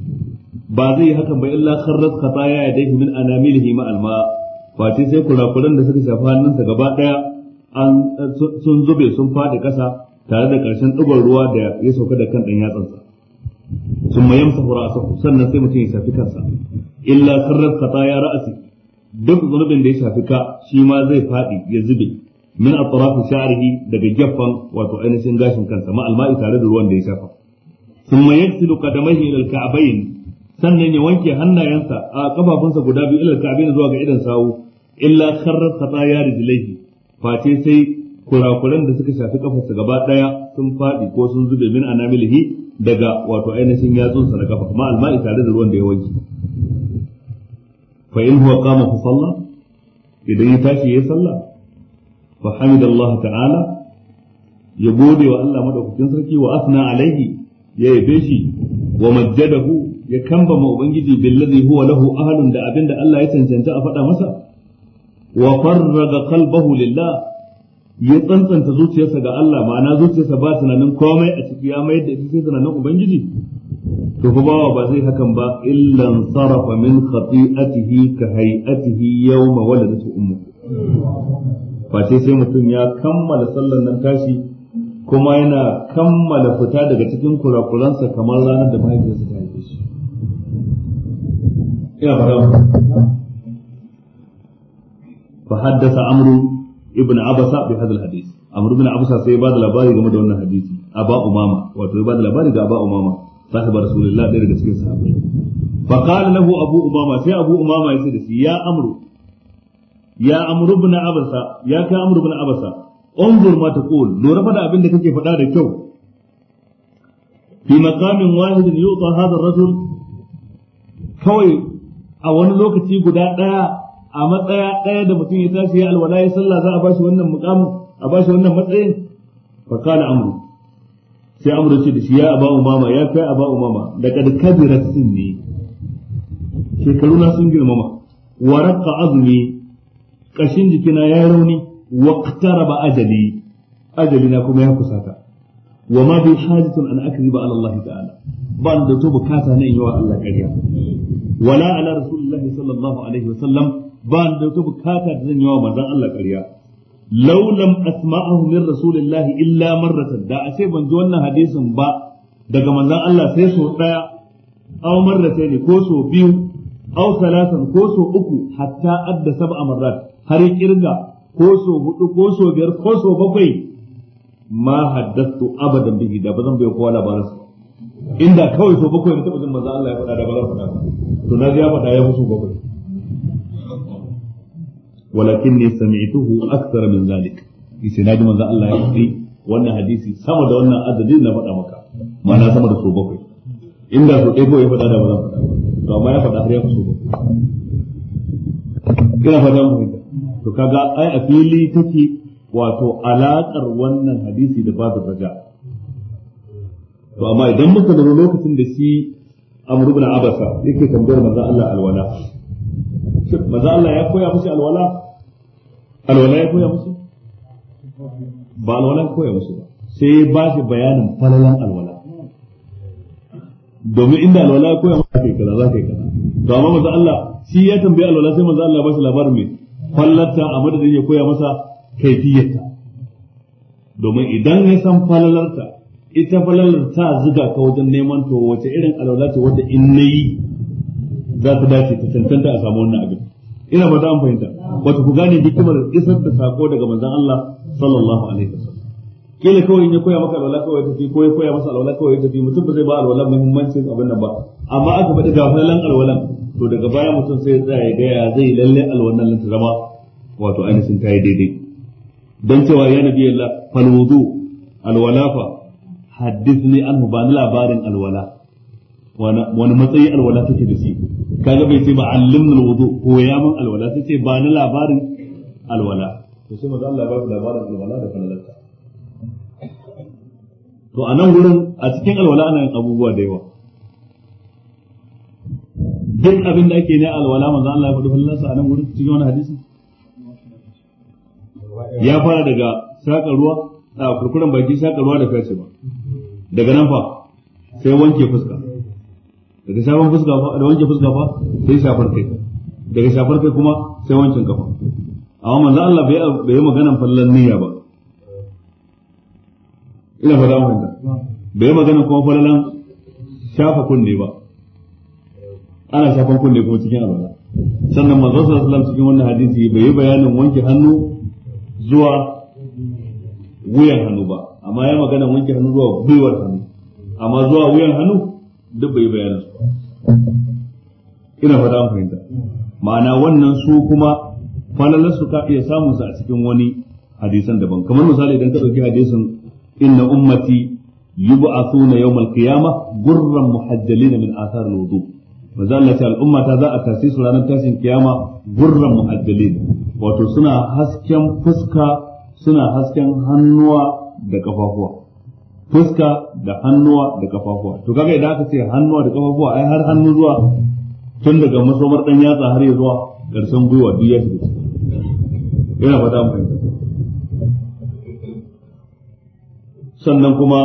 ba zai yi hakan ba illa kharrat khataya ya min anamilihi ma alma face sai kurakuran da suka shafi hannunsa gaba daya an sun zube sun faɗi ƙasa tare da ƙarshen ɗigon ruwa da ya sauka da kan ɗan yatsansa sun mayan sahura a sannan sai mutum ya shafi kansa illa sarrar kata ya ra'asi duk zunubin da ya shafi ka shi ma zai faɗi ya zube min atrafi sha'rihi daga gaffan wato ainihin gashin kansa ma alma'i tare da ruwan da ya shafa sun mayan silu qadamaihi ila al sannan ya wanke hannayensa a kafafunsa guda biyu ilal ka'abin zuwa ga idan sawu illa kharrat khataya rijlaihi face sai kurakuran da suka shafi kafarsa gaba daya sun fadi ko sun zube min anamilihi daga wato ainihin yatsunsa na kafa ma alma'i tare da ruwan da ya wanke fa in huwa qama fa salla idan ya tashi ya salla fa hamidallahi ta'ala ya gode wa Allah madaukakin sarki wa asna alaihi ya yabe shi wa majjadahu ya kambama ubangiji billazi huwa lahu ahlun da abinda Allah ya cancanci a faɗa masa wa farraga qalbahu lillah ya tsantsanta zuciyarsa ga Allah ma'ana zuciyarsa ba tunanin komai a ciki ya mayar da ita tunanin ubangiji to fa bawa ba zai hakan ba illan sarafa min khati'atihi ka hay'atihi yawma waladatu ummu ba sai sai mutum ya kammala sallar nan tashi kuma yana kammala fita daga cikin kurakuransa kamar ranar da mahaifiyarsa ta yi ina fara fa kai انظر ما تقول abin da kake faɗa da kyau fi maqamin wahidin yu'ta hadha ar kawai a wani lokaci guda ɗaya a matsaya ɗaya da mutum ya tashi ya alwala ya sallah za a ba shi wannan mukamin a ba shi wannan matsayin fa kana amru sai amru ce da shi ya aba umama ya kai aba umama da kad sinni shekaru na sun girmama wa azumi, azmi kashin jikina ya rauni wa qtaraba ajali ajali na kuma ya kusata wa ma bi hajatun an akriba ala Allah ta'ala Ban da to bukata na in yi wa Allah ƙarya wala ala rasulillahi sallallahu alaihi wasallam ba da wata bukata da zan yi wa manzon Allah karya. law lam asma'ahu min rasulillahi illa marratan da ashe ban ji wannan hadisin ba daga manzon Allah sai so daya aw marratayn ko so biyu aw salatan ko uku hatta adda sab'a marrat har kirga ko so hudu biyar ko so bakwai ma haddathu abadan bihi da bazan bai kowa labarin inda kawai so bakwai na taɓa jin maza Allah ya faɗa da ba za faɗa to na ya faɗa ya musu bakwai walakin ne sami'tuhu aksara min zalik yace na ji maza Allah ya faɗi wannan hadisi sama da wannan adadin na faɗa maka ma'ana sama da so bakwai inda so ɗaya kawai ya faɗa da ba za faɗa to amma ya faɗa har ya fi so bakwai ina fata mu to kaga ai a fili take wato alaƙar wannan hadisi da babu raja to amma idan muka zama lokacin da shi amr ibn abasa yake tambayar manzo Allah alwala manzo Allah ya koya musu alwala alwala ya koya musu ba alwala koya musu ba sai ba shi bayanin falalan alwala domin inda alwala ya koya musu kai kaza za kai kaza to amma manzo Allah shi ya tambaye alwala sai manzo Allah ya ba shi labarin me fallata a madadin ya koya masa kaifiyarta domin idan ya san falalarta ita falalar ta zuga ka wajen neman to wace irin alwala ce wadda in nayi za ta dace ta cancanta a samu wannan abin ina ba an fahimta wato ku gane hikimar isar da sako daga manzon Allah sallallahu alaihi wasallam kila kawai in ya koya maka alwala kawai tafi ko ya koya masa alwala kawai fi mutum ba zai ba alwala muhimmancin abin nan ba amma aka faɗi ga falalan alwalan to daga baya mutum sai ya tsaya ya ga ya zai lalle alwalan ta zama wato ainihin ta yi daidai dan cewa ya nabi Allah fal alwalafa haddithni anhu ba ni labarin alwala wani matsayi alwala take da shi kaga bai ce ba allimna alwudu ya min alwala sai ce ba ni labarin alwala to sai manzo Allah ba labarin alwala da falalarsa to a nan wurin a cikin alwala ana yin abubuwa da yawa duk abin da ake ne alwala manzo Allah ya faɗi fallansa a nan wurin cikin wani hadisi ya fara daga saka ruwa a kurkuren baki saka ruwa da fashi ba daga nan fa sai wanke fuska daga shafan fuska fa da wanke fuska fa sai shafar kai daga shafar kai kuma sai wankin kafa amma manzo Allah bai bai yi maganan fallan niyya ba ina fara mun da bai yi maganan kuma fallan shafa kunne ba ana shafan kunne kuma cikin alwala sannan manzo sallallahu alaihi wasallam cikin wannan hadisi bai yi bayanin wanke hannu zuwa wuyan hannu ba amma ya magana wanke hannu zuwa gwiwar hannu amma zuwa wuyan hannu duk bai bayyana su ina fata fahimta ma'ana wannan su kuma falalar su ka iya samun su a cikin wani hadisan daban kamar misali idan ka dauki hadisin inna ummati yub'athuna yawmal qiyamah gurran muhajjalina min athar al-wudu Allah ta al'umma ta za a tasi su ranar tashin kiyama gurran muhajjalin wato suna hasken fuska suna hasken hannuwa da kafafuwa fuska da hannuwa da kafafuwa to kaga idan aka ce hannuwa da kafafuwa ai har hannu zuwa tun daga masomar dan yatsa har ya zuwa karshen gwiwa duk ya shiga yana fata mu sannan kuma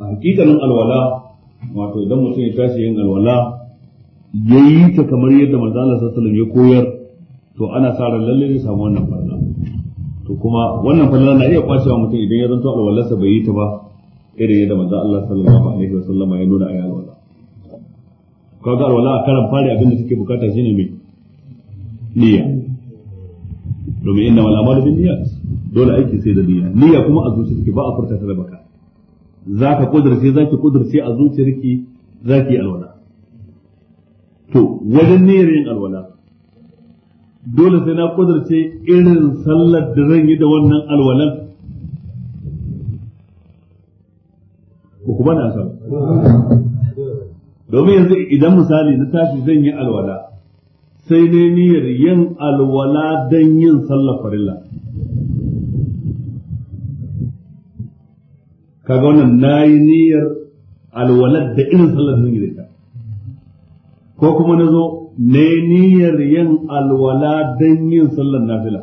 a hakikanin alwala wato idan mutum ya tashi yin alwala ya yi ta kamar yadda manzo Allah sallallahu alaihi wasallam ya koyar to ana sa ran lalle ne samu wannan to kuma wannan falala na iya kwashewa mutum idan ya zanto alwalarsa bai yi ta ba irin yadda manzo Allah sallallahu alaihi wa sallama ya nuna a ayi alwala kaga alwala a karan fari abin da take bukata shine mai niyya domin inna wal amalu bin niyyat dole aiki sai da niyya niyya kuma a zuciya take ba a furta ta da baka zaka kudurce zaki kudurce a zuciyarki zaki alwala to wajen niyyar yin alwala dole sai na kudurce irin sallar da zan yi da wannan alwalan ko kuma na san domin yanzu idan misali na tashi zan yi alwala sai ne niyyar yin alwala don yin sallar farilla kaga wannan na yi niyyar alwalar da irin sallar zan yi da ita ko kuma na zo ne niyyar yin alwala don yin sallar nafila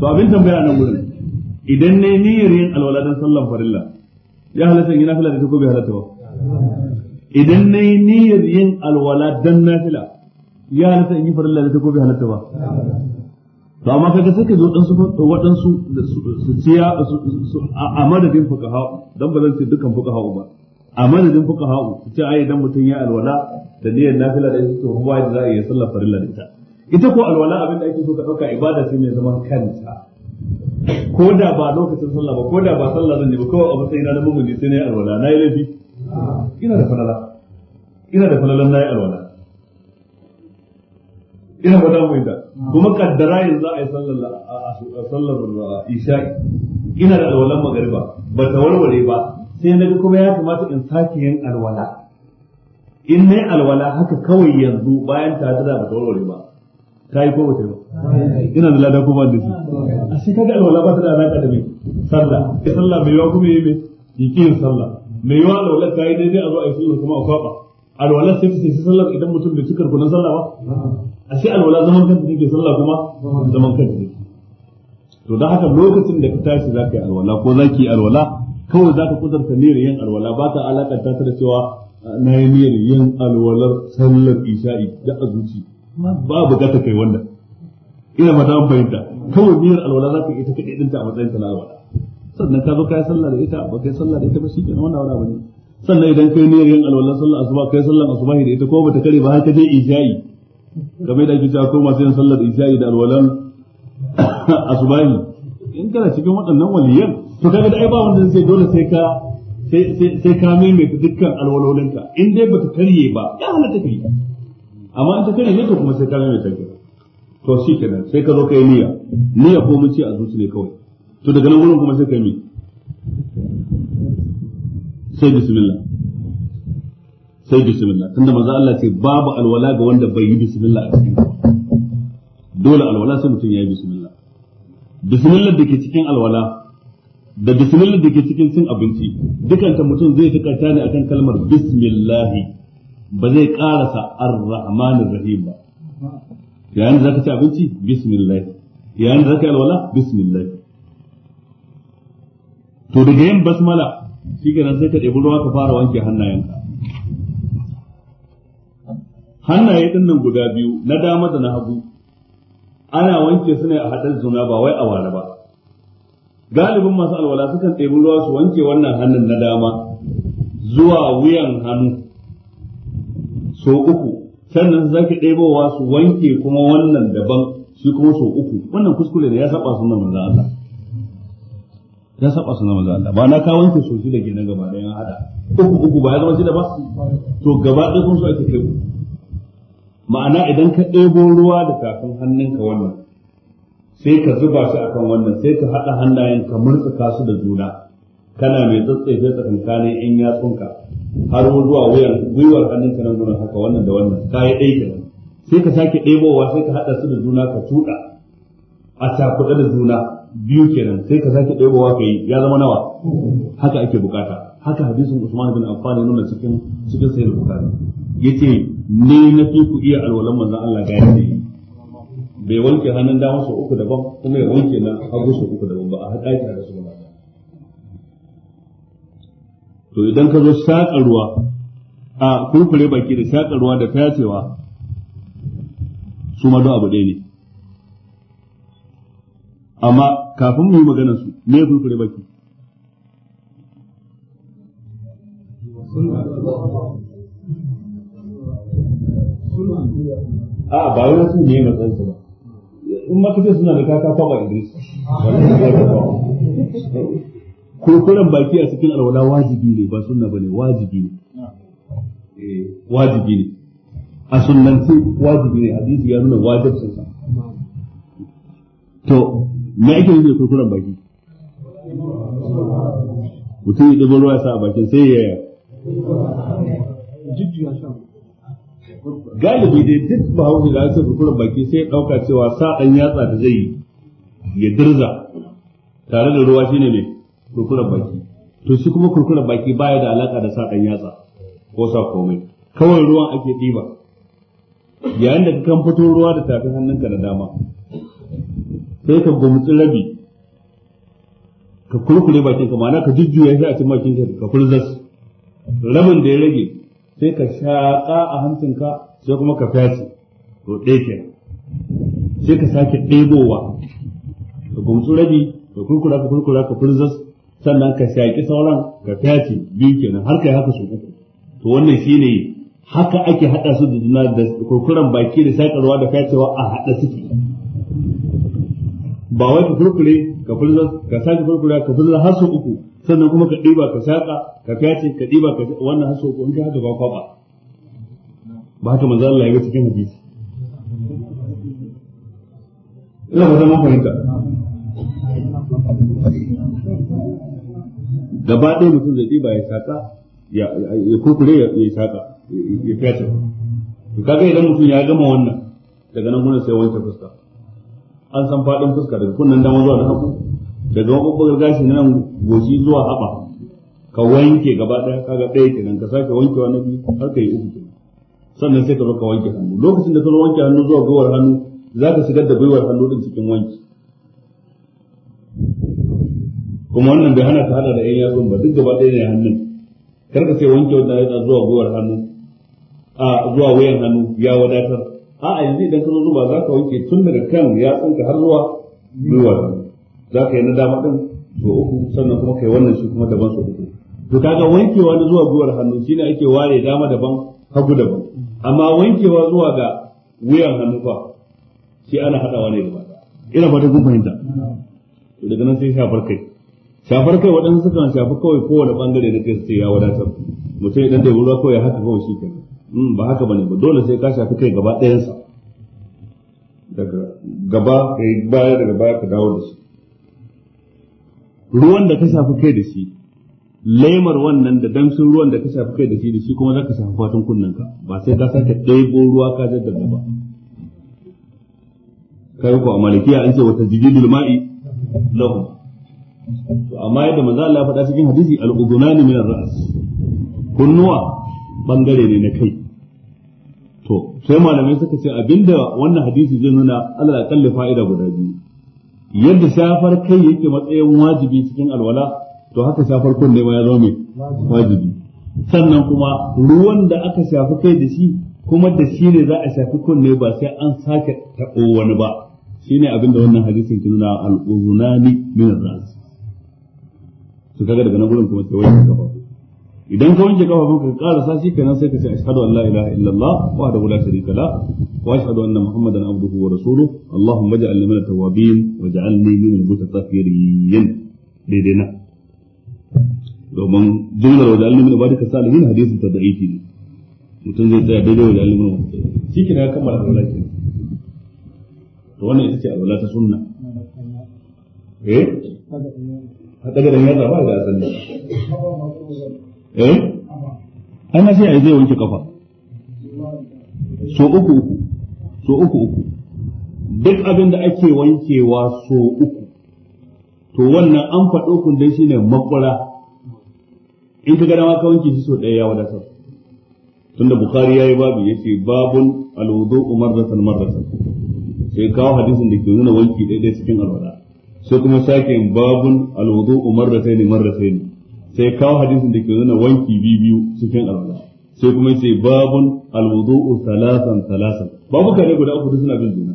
to abin tambaya nan gurin idan ne niyyar yin alwala don sallar farilla ya halatta yin nafila da ta ko bai halatta ba idan ne niyyar yin alwala don nafila ya halatta in yi farilla da ta ko bai halatta ba to amma kaga suka ka zo dan su waɗansu su ciya a madadin fuqaha don ba zan ce fuka fuqaha ba a madadin fuka ha'u su ce ai idan mutum ya alwala da niyyar nafila da ita to ba yadda za a yi sallar farilla da ita ita ko alwala abin da ake so ka ɗauka ibada ce mai zaman kanta ko da ba lokacin sallah ba ko da ba sallah zan yi ba kawai a matsayin na mun ne sai na yi alwala na yi laifi ina da falala ina da falalan na yi alwala ina ba damu mu kuma kaddara yanzu a yi sallar isha'i ina da alwalan magariba ba ta warware ba sai na kuma ya kamata in sake yin alwala in yi alwala haka kawai yanzu bayan ta da ba dole ba ta yi ko ba ta yi ba ina da lada kuma da su a sai kaga alwala ba ta da alaƙa da mai sallah ya salla mai yawa kuma yi mai yi yin sallah mai yawa alwala ta yi daidai a zo a yi sallah kuma a kwaba alwala sai sai sai sallar idan mutum bai cikar kunan sallah ba a sai alwala zaman kanta take sallar kuma zaman kanta ne. to don haka lokacin da ka tashi za ka yi alwala ko za ka yi alwala kawai za ta kudurta niyyar yin alwala ba ta alakanta ta da cewa ah, na yi niyyar yin alwalar sallar isha'i da a zuci ba bukata kai wanda. ina ba ta fahimta kawai niyyar alwala za ka ita kaɗe ɗinta a matsayin ta na alwala sannan ka zo ka yi sallah da ita ba kai sallah da ita ba shi kenan wannan wani abu ne sannan idan kai niyyar yin alwalar sallar asuba kai sallar asuba da ita ko bata kare ba har ka je isha'i kamar da ake cewa ko masu yin sallar isha'i da alwalan asubahi in kana cikin waɗannan waliyan to kaga da ai ba wanda zai dole sai ka sai ka mai dukkan alwalolinka in dai baka karye ba ya halatta kai amma in ta karye ne to kuma sai ka mai ka to shi kenan sai ka zo kai niyya niyya ko mun ce a zuci ne kawai to daga nan gurin kuma sai ka mai sai bismillah sai bismillah tunda manzo Allah ce babu alwala ga wanda bai yi bismillah a cikin dole alwala sai mutum ya yi bismillah bismillah da ke cikin alwala da bismillah da ke cikin cin abinci ta mutum zai takarta ne akan kalmar bismillah ba zai karasa ar ar rahim ba yayin da zaka ci abinci bismillah yayin da zaka yi alwala bismillah to daga yin basmala shikenan sai ka ɗebi ruwa ka fara wanke hannayenka hannaye din nan guda biyu na dama da na hagu ana wanke su ne a haɗar zuna ba wai a ware ba galibin masu alwala sukan ɗebi ruwa su wanke wannan hannun na dama zuwa wuyan hannu so uku sannan su zaki ɗebowa su wanke kuma wannan daban shi kuma so uku wannan kuskure ne ya saba sunan manzon Allah ya saba sunan manzon Allah ba na ka wanke so shi da gina gaba da an hada uku uku ba ya zama shi da ba to gaba ɗaya kun so ake kai ma'ana idan ka ɗebo ruwa da tafin hannunka wannan sai ka zuba shi akan wannan sai ka haɗa hannayen ka murtsuka su da juna kana mai ka tsakankanin in yatsunka har zuwa wuyan gwiwar ka nan gurin haka wannan da wannan kayi ɗai kenan sai ka sake ɗebowa sai ka haɗa su da juna ka tuɗa a cakuɗe da juna biyu kenan sai ka sake ɗebowa ka yi ya zama nawa haka ake bukata haka hadisin Usman bin Affan ya nuna cikin cikin sahih Bukhari yace ne na fi ku iya alwalan manzon Allah ga yake bai wanke hannun dama su uku daban kuma ya wanke na hagu su uku daban ba a haɗa ita da su ba to idan ka zo shaƙa ruwa a kurkure baki da shaƙa ruwa da fyacewa su ma don abu ɗaya ne amma kafin mu yi magana su me kurkure baki a ba wai mutum ne matsansu ba in ma suna da kaka kwaba Idris kurkuren baki a cikin alwala wajibi ne ba sunna ne wajibi ne eh, wajibi ne a sunnanci wajibi ne hadisi ya nuna wajibcin sa to me ake yi kurkuren baki mutum ya ɗigo ruwa sa a bakin sai ya yaya galibi dai duk hau da aka kukurin baki sai ya ɗauka cewa sa'an yatsa da zai yi ya dirza tare da ruwa shine mai kurkuren baki to shi kuma kurkuren baki baya da alaka da sa'an yatsa ko sa komai kawai ruwan ake ɗiba yayin da kan fito ruwa da tafi hannunka na dama sai ka gumtsi rabi ka kurkure bakin ka ma'ana ka jujjuya shi a cikin bakin ka ka furzas rabin da ya rage sai ka shaƙa a hancinka sai kuma ka fyace to ɗaya sai ka sake ɗebowa ka gumsu rabi ka kurkura ka kurkura ka furzas sannan ka shaƙi sauran ka fyace biyu kenan har kai haka su uku to wannan shine haka ake haɗa su da juna da kurkuran baki da shaƙarwa da fyacewa a haɗa suke ba wai ka kurkure ka furzas ka sake kurkura ka furzas har su uku sannan kuma ka ɗiba ka saƙa ka fyace ka ɗiba ka wannan har su uku in kai haka ba kwaba ba haka manzo Allah ya ga cikin hadisi ina ba zama fahimta gaba ɗaya mutum zai ɗiba ya shaƙa ya kukure ya shaƙa ya fiyata to kaga idan mutum ya gama wannan daga nan gudun sai wanke fuska an san faɗin fuska daga kunnen dama zuwa da hagu daga maɓaɓɓagar gashi na nan goshi zuwa haɓa ka wanke gaba ɗaya kaga ɗaya kenan ka sake wankewa na biyu har ka yi uku sannan sai ka zo ka wanke hannu lokacin da ka zo wanke hannu zuwa gwiwar hannu za ka shigar da gwiwar hannu din cikin wanki kuma wannan bai hana ta hada da 'yan yatsun ba duk gaba ɗaya ne hannun kar ka ce wanke wanda ya zuwa gwiwar hannu a zuwa wayan hannu ya wadatar a'a yanzu idan ka zo zuba za ka wanke tun daga kan tsinka har zuwa gwiwar za ka yi na dama din so uku sannan kuma kai wannan shi kuma daban so uku to kaga wankewa na zuwa gwiwar hannu shine ake ware dama daban hagu daban amma wankewa zuwa ga wuyan hannu fa shi ana hadawa ne gaba ina ba kun fahimta daga nan sai shafar kai shafar kai waɗansu sukan shafi kawai kowane bangare na kai sai ya wadatar mutum idan da ruwa kawai haka kawai shi kai hmm, ba haka bane ba dole sai ka shafi kai gaba ɗayansa daga gaba kai baya daga baya ka dawo da shi ruwan da ka shafi kai da shi lemar wannan da damsin ruwan da ka shafi kai da shi da shi kuma za ka shafi fatan ka, ba sai ka sake ɗebo ruwa ka jaddada ba kai ko a malikiya an ce wata jididul ma'i lahu to amma yadda manzo Allah ya faɗa cikin hadisi al-udunani min ar-ra's kunnuwa bangare ne na kai to sai malamai suka ce abinda wannan hadisi zai nuna Allah ya kalli fa'ida guda biyu yadda shafar kai yake matsayin wajibi cikin alwala to haka shafar kunne ma ya zama mai wajibi sannan kuma ruwan da aka shafi kai da shi kuma da shi ne za a shafi kunne ba sai an sake taɓo wani ba shine abin da wannan hadisin ke nuna al-uzunani min ar-ras to kaga daga nan gurin kuma sai wani kafa idan ka wanke kafa ka ƙara sashi kenan sai ka ce ashhadu an la ilaha illallah wa la sharika la wa ashhadu anna muhammadan abduhu wa rasuluhu allahumma ij'alni min at-tawwabin waj'alni min al-mutatahhirin daidai na domin jumlar wajen alimin ba duka salimin hadisin ta da'ifi ne mutum zai tsaya daidai wajen alimin wa. shi na kamar alwala ke to wannan ita ce alwala ta sunna eh a daga dan yatsa ba da asali eh ana ma a yi zai wanke kafa so uku uku so uku uku duk abin da ake wankewa so uku to wannan an faɗo kun dai shine makwara in ka gada ma ka wanke shi so ɗaya ya wadatar tunda bukhari yi babu ce babun alwudu'u marratan marratan sai kawo hadisin da ke nuna wanki daidai cikin alwada sai kuma sake babun alwudu'u umar da sai kawo hadisin da ke nuna wanki biyu cikin alwada sai kuma sai babun alwudu'u salasan salasan babu kare guda uku suna bin juna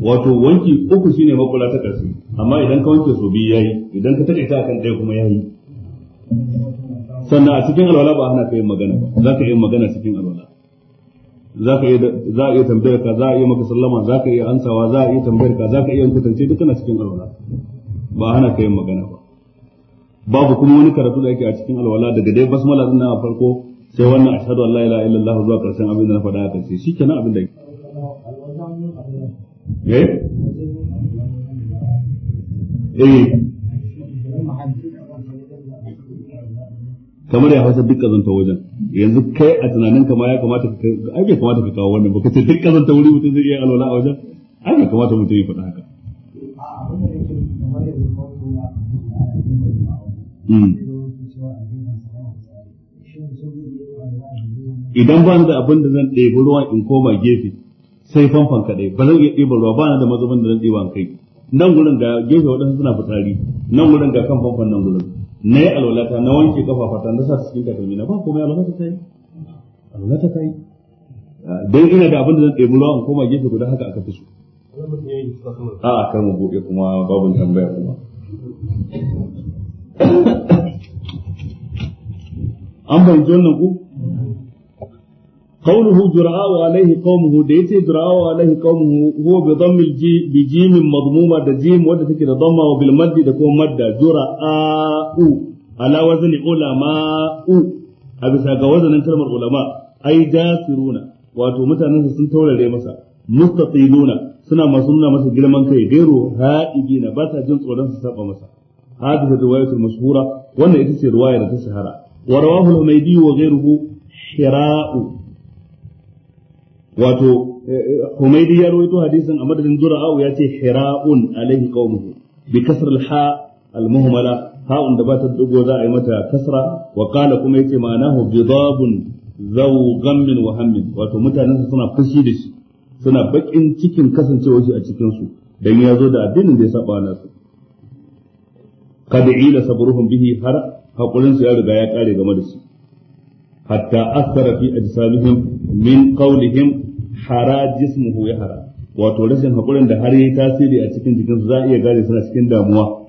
wato wanki uku shine makula ta karshe amma idan ka wanke so biyu yayi idan ka takaita akan ɗaya kuma yayi sannan a cikin alwala ba hana ka yin magana ba za ka yi magana cikin alwala za ka za a iya tambayar ka za a iya maka sallama za ka iya ansawa za a iya tambayar ka za ka iya kutance duk na cikin alwala ba hana ka yin magana ba babu kuma wani karatu da yake a cikin alwala daga dai basmala din na farko sai wannan ashhadu an la ilaha illallah zuwa karshen abin da na faɗa a karshe shikenan abin da yake eh eh kamar ya hausa duk kazanta wajen yanzu kai a tunanin kama ya kamata ka ai bai kamata ka kawo wannan ba ka duk kazanta wuri mutum zai iya alwala a wajen ai bai kamata mutum ya faɗa haka hmm. idan ba ni da abin da zan ɗebi ruwa in koma gefe sai famfan kaɗai ba zan iya ɗiba ruwa ba na da mazubin da zan ɗiba kai nan gurin ga gefe waɗansu suna fitsari nan gurin ga kan famfan nan gurin na yi alwalata na wanke kafafata na sa cikin takalmi na ba ya alwalata ta yi alwalata ta yi ah, don ina da abin da zan ɗebi ruwa koma gefe guda haka aka fi su a kan mu buɗe kuma babu tambaya kuma an fahimci wannan ku قوله جراء عليه قومه ديتي جراء عليه قومه هو بضم الجي بجيم مضمومة دا جيم ودا تكي دا ضمة وبالمد دا كون مد جراء على وزن علماء أبي ساقا وزن كلمة علماء أي جاسرون واتو متى ننسى سنتولى لي مسا مستطيلون سنة ما سنة مسا جلمان كي غيرو هائجين باتا جنس ودنس سابا مسا هذه الرواية المشهورة وانا اتسي رواية تسهرة ورواه الحميدي وغيره شراء wato eh, eh, Humaydi ya rawaito hadisin a madadin Zura'u ya ce hira'un alaihi qaumuhu bi kasr ha al-muhmala ha'un da ba ta dugo za a yi mata kasra wa qala kuma yace ma'anahu bidabun zaw ghammin wa hammin wato mutanen suna fushi da shi suna bakin cikin kasancewa shi a cikin su dan ya zo da addinin da ya saba nasu kad ila sabruhum bihi har hakurin su ya riga ya kare game da shi hatta asara fi ajsamihim min qawlihim hara jismuhu yahara wato rashin hakurin da har yi tasiri a cikin jikinsu za a iya gane suna cikin damuwa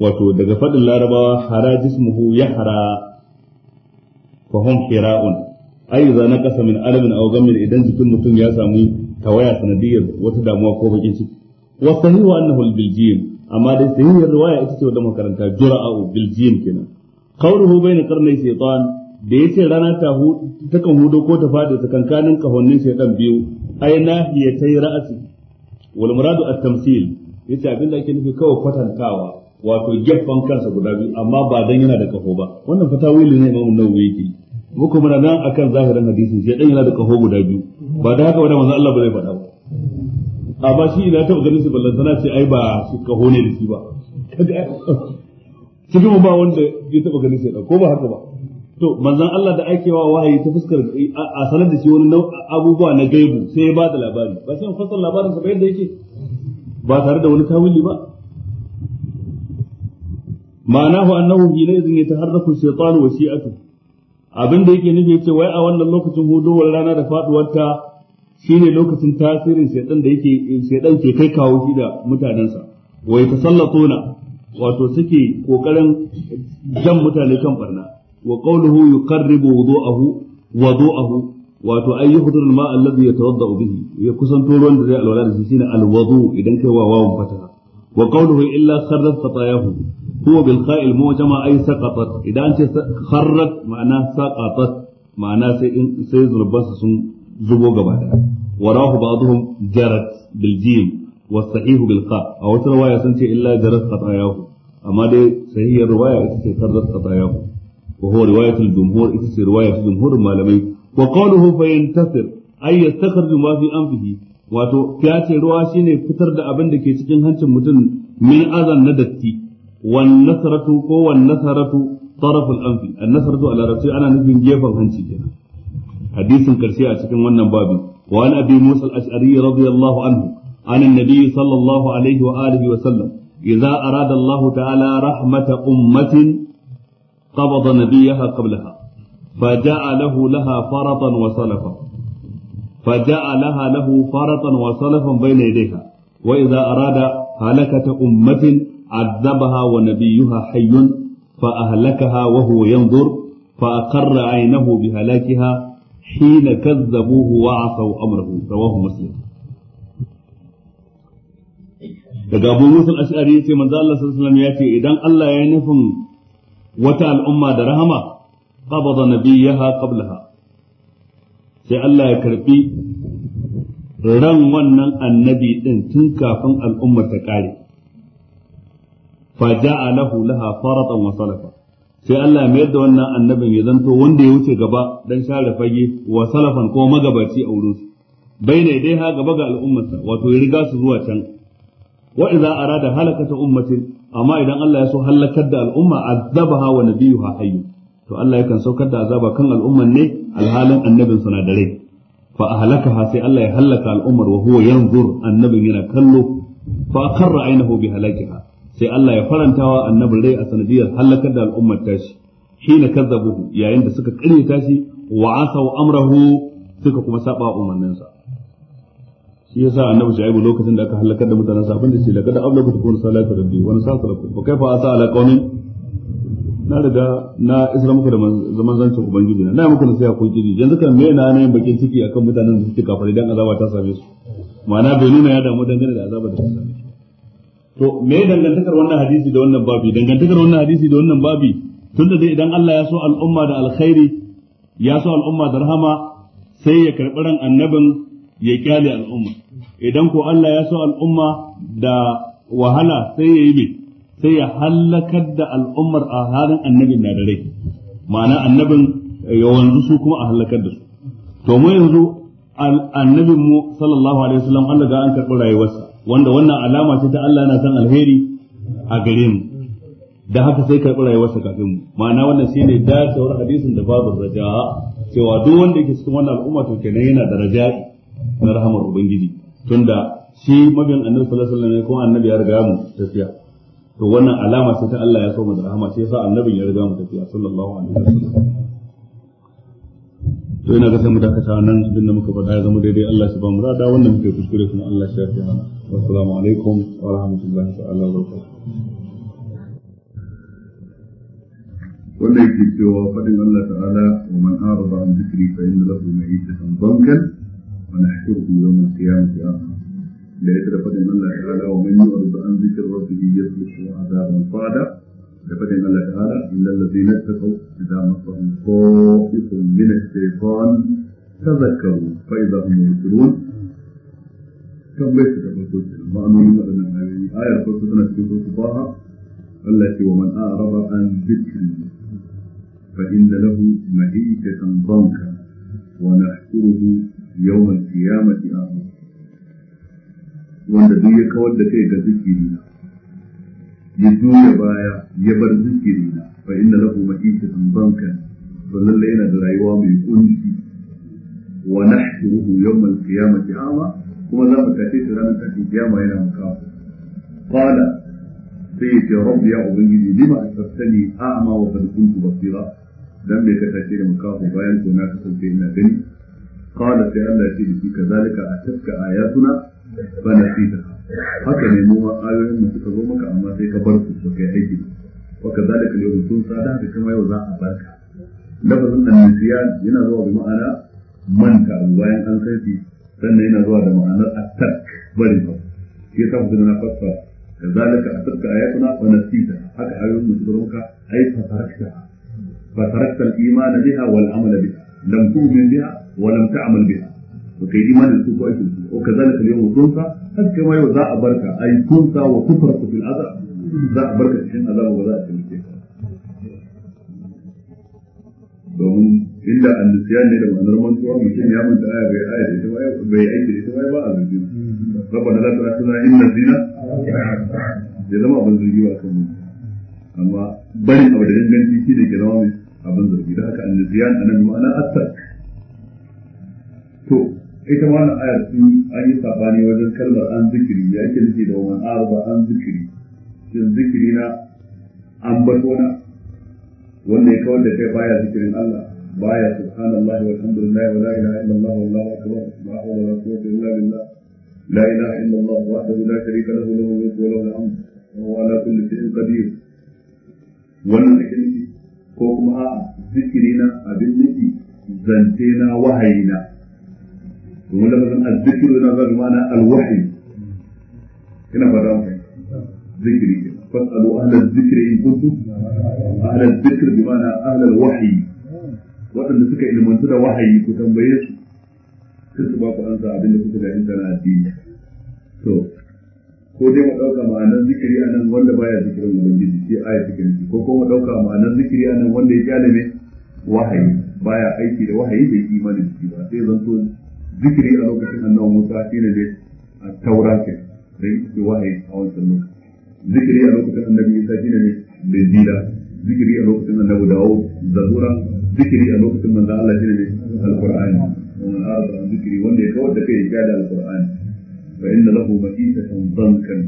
wato daga faɗin larabawa hara jismuhu yahara fa hum hira'un za na kasa min alamin aw idan jikin mutum ya samu tawaya sanadiyar wata damuwa ko bakin ciki wa sahihu annahu biljim amma dai sahihiyar waya ita ce wadda makaranta jura'u biljim kenan qawluhu bayna qarnay shaytan da yace rana ta ta kan hudu ko ta fadi tsakankanin kahonnin shaidan biyu ay yi ra'asi wal muradu at-tamthil yace da ake nufi kawai kwatantawa wato gefen kansa guda biyu amma ba dan yana da kaho ba wannan fata wili ne imamu nawawi yake muku muna nan akan zahirin hadisi sai dan yana da kaho guda biyu ba da haka wani manzo Allah ba zai faɗa ba amma shi ina ta ganin su ballan sana ce ai ba su kaho ne da shi ba cikin ba wanda ya taba ganin sai ko ba haka ba to manzon Allah da ake wa wahayi ta fuskar a sanar da shi wani abubuwa na gaibu sai ya bada labari ba sai fassara labarin sa ba yadda yake ba tare da wani tawili ba ma'anahu annahu hina idin yataharraku shaytan wa shi'atu abin da yake nufi yace wai a wannan lokacin huduwar rana da ta shine lokacin tasirin shaytan da yake shaytan ke kai kawo shi da mutanensa wai tasallatuna wato suke kokarin jan mutane kan barna wa qawluhu yuqarribu wudu'ahu wudu'ahu wato ay yuhdiru al-ma'a alladhi yatawadda'u bihi ya kusanto ruwan da zai alwala da shi shine al-wudu idan kai wa wawun fataha wa qawluhu illa kharrat khatayahu huwa bil kha'il mujama ay saqatat idan ce kharrat ma'ana saqatat ma'ana sai in sai su sun zubo gaba daya warahu ba'dhum jarat bil jim wa sahihu bil kha a wata riwaya sun ce illa jarat khatayahu amma dai sahihiyar riwaya ita ce kharrat khatayahu wa huwa riwayatul ita ce riwayar jumhurin malamai wa qawluhu fayantasir ay yastakhriju ma fi anfihi wato ya ruwa shine fitar da abin da ke cikin hancin mutum min azan na datti wan nasaratu ko wan nasaratu taraful anfi an nasaratu ala rafi ana nufin gefen hanci kenan hadisin karshe a cikin wannan babi. wa an abi musa al-ash'ari radiyallahu anhu an wa ta'ala rahmata ummatin قبض نبيها قبلها فجعله لها فرطا وسلفا فجعلها له فرطا وسلفا بين يديها وإذا أراد هلكة أمة عذبها ونبيها حي فأهلكها وهو ينظر فأقر عينه بهلاكها حين كذبوه وعصوا أمره رواه مسلم daga abu musul ash'ari yace manzo Allah sallallahu alaihi wasallam yace idan Allah ya nufin wata al'umma da rahama qabada nabiyaha qablaha sai Allah ya karbi ran wannan annabi din tun kafin al'ummar ta kare faja'alahu laha faratan wa salafa sai Allah ya mayar da wannan annabin ya zanto wanda ya wuce gaba dan share fage wa salafan ko magabaci a wurin su baina dai ha gaba ga al'ummarsa wato ya riga su zuwa can wa idza arada halakata ummatin amma idan Allah ya so halakar da al'umma azabaha wa nabiyuha hayyu to Allah yakan saukar da azaba kan al'umman ne alhalin annabin na da fa ahlakaha sai Allah ya halaka al'ummar wa huwa yanzur annabin yana kallo fa aqarra ainahu bi halakiha sai Allah ya farantawa annabin rai a sanadiyar halakar da al'ummar tashi hina kazzabuhu yayin da suka kare tashi wa asaw amrahu suka kuma saba umarninsa shi yasa annabi shaibu lokacin da aka halakar da mutanen sa abin da ce laqad ablaghtu kun salatu rabbi wa nasatu kai fa kaifa asa ala qaumin na riga na isra muku da zaman zancin ubangiji na na sai nasiha ko kiri yanzu kan me na ne bakin ciki akan mutanen da suke kafare dan azaba ta same su ma'ana bai nuna ya damu dangane da azaba da ta same su to me dangantakar wannan hadisi da wannan babi dangantakar wannan hadisi da wannan babi tunda dai idan Allah ya so al'umma da alkhairi ya so al'umma da rahama sai ya karbi ran annabin ya kyale al'umma idan ko Allah ya so al'umma da wahala sai ya yi mai sai ya halakar da al'ummar a halin annabin na da rai ma'ana annabin ya eh, wanzu su kuma a halakar da su to mu yanzu annabin mu sallallahu alaihi wasallam Allah ga an karɓi rayuwarsa wanda wannan alama ce ta Allah yana son alheri a gare mu da haka sai karɓi rayuwarsa kafin mu ma'ana wannan shine dacewar hadisin da babu raja'a cewa duk wanda yake cikin wannan al'umma to kenan yana da raja'i na rahamar ubangiji tunda shi mabiyan annabi sallallahu alaihi wasallam kuma annabi ya riga mu tafiya to wannan alama ce ta Allah ya so mu da rahama sai yasa annabin ya riga mu tafiya sallallahu alaihi wasallam to ina ga sai mu dakata nan abin da muka faɗa ya zama daidai Allah shi ba mu rada wannan muke kuskure kuma Allah shi ya fi mana assalamu alaikum wa rahmatullahi ta'ala wa barakatuh wanda yake cewa faɗin Allah ta'ala wa man arada an zikri fa inna lahu ma'isatan dhankan ونحشركم يوم القيامة أعمى لأجل فضل الله تعالى ومن يعرض عن ذكر ربه يسلك عذابا صعدا لفضل الله تعالى إن الذين اتقوا إذا مسهم طائف من الشيطان تذكروا فإذا هم يذكرون كم ليس تفسد المؤمنين مثلا هذه آية تفسدنا في سورة صباها التي ومن أعرض عن ذكري فإن له معيشة ضنكا ونحشره yawon kiyamati a wanda duk ya kawar da kai ga zikiri na ya juya baya ya bar zikiri na fa inna lahu ma'ishatan bankan to lalle yana da rayuwa mai kunci wa nahshuruhu yawmal qiyamati ama kuma za mu tace shi ranar tashin kiyama yana makawa qala sai ya ce rabbi ya ubangiji lima asartani a'ma wa qad kuntu basira dan me ka tace da makawa bayan ko na kasance ina gani قال في الله شيء كذلك أتتك آياتنا فنسيتها haka ne mu ma ayoyin mu suka zo maka amma sai ka bar su ba kai aiki ba, wa kadalika yau sun sada da kuma yau za a barka lafazin annisiyan yana zuwa da ma'ana manta abu bayan an sai sannan yana zuwa da ma'anar attak bari ba shi yasa mu na fassara kadalika attak ayatuna wa nasita haka ayoyin mu suka zo maka ai fa tarakta fa tarakta al-iman biha wal amal biha lam tu'min biha wa lam ta'mal biha ba kai imani da su ko aikin su o kazalika al-yawma tunsa har kai ma yau za a barka ai tunsa wa kufraka fil azab za a barka cikin azaba ba za a taimake ka domin inda annisiya ne da ma'anar mantuwa mutum ya manta bai aya da ita bai aiki da ita bai ba a na rabbana la tu'akhidna in ya zama abin zargi ba kan amma abu da zargi da ma'ana to ita wannan aya sun an yi sabani wajen kalmar an zikiri ya yake nufi da wani arba an zikiri shin zikiri na an batona wanda ya kawar da kai baya zikirin Allah baya subhanallahi walhamdulillahi wa la ilaha illallah wallahu akbar la hawla wala quwwata illa billah la ilaha illallah wahdahu la sharika lahu lahu mulku wa lahu alhamd wa huwa ala kulli shay'in qadir wannan ake nufi ko kuma a'a zikiri na abin nufi zante na wahayi na domin lafazin al-zikru yana zuwa ma'ana al-wahyi ina fata mu zikri fasalu ahla zikri in kuntum ahla zikri bi ma'ana ahla al-wahyi waɗanda suka ilmantu da wahayi ku tambaye su sai su ba ku ansa abin da kuka gani na addini to ko dai mu ɗauka ma'anar zikiri anan wanda baya zikirin ubangiji shi aya take nufi ko kuma ɗauka ma'anar zikiri anan wanda ya kyale ne wahayi baya aiki da wahayi bai imani da shi ba sai zan zanto ذكري أنا بحيث أنه موسى حين التوراة رئيس وحي أو سنوك ذكري أنا بحيث أنه النبي إيسا حين بالزيلة ذكري أنا بحيث أنه أبو داود زبورة ذكري أنا بحيث أنه ذا الله حين القرآن ومن أعرض عن ذكري وأن يكوض كي قال القرآن فإن له مكيسة ضنكا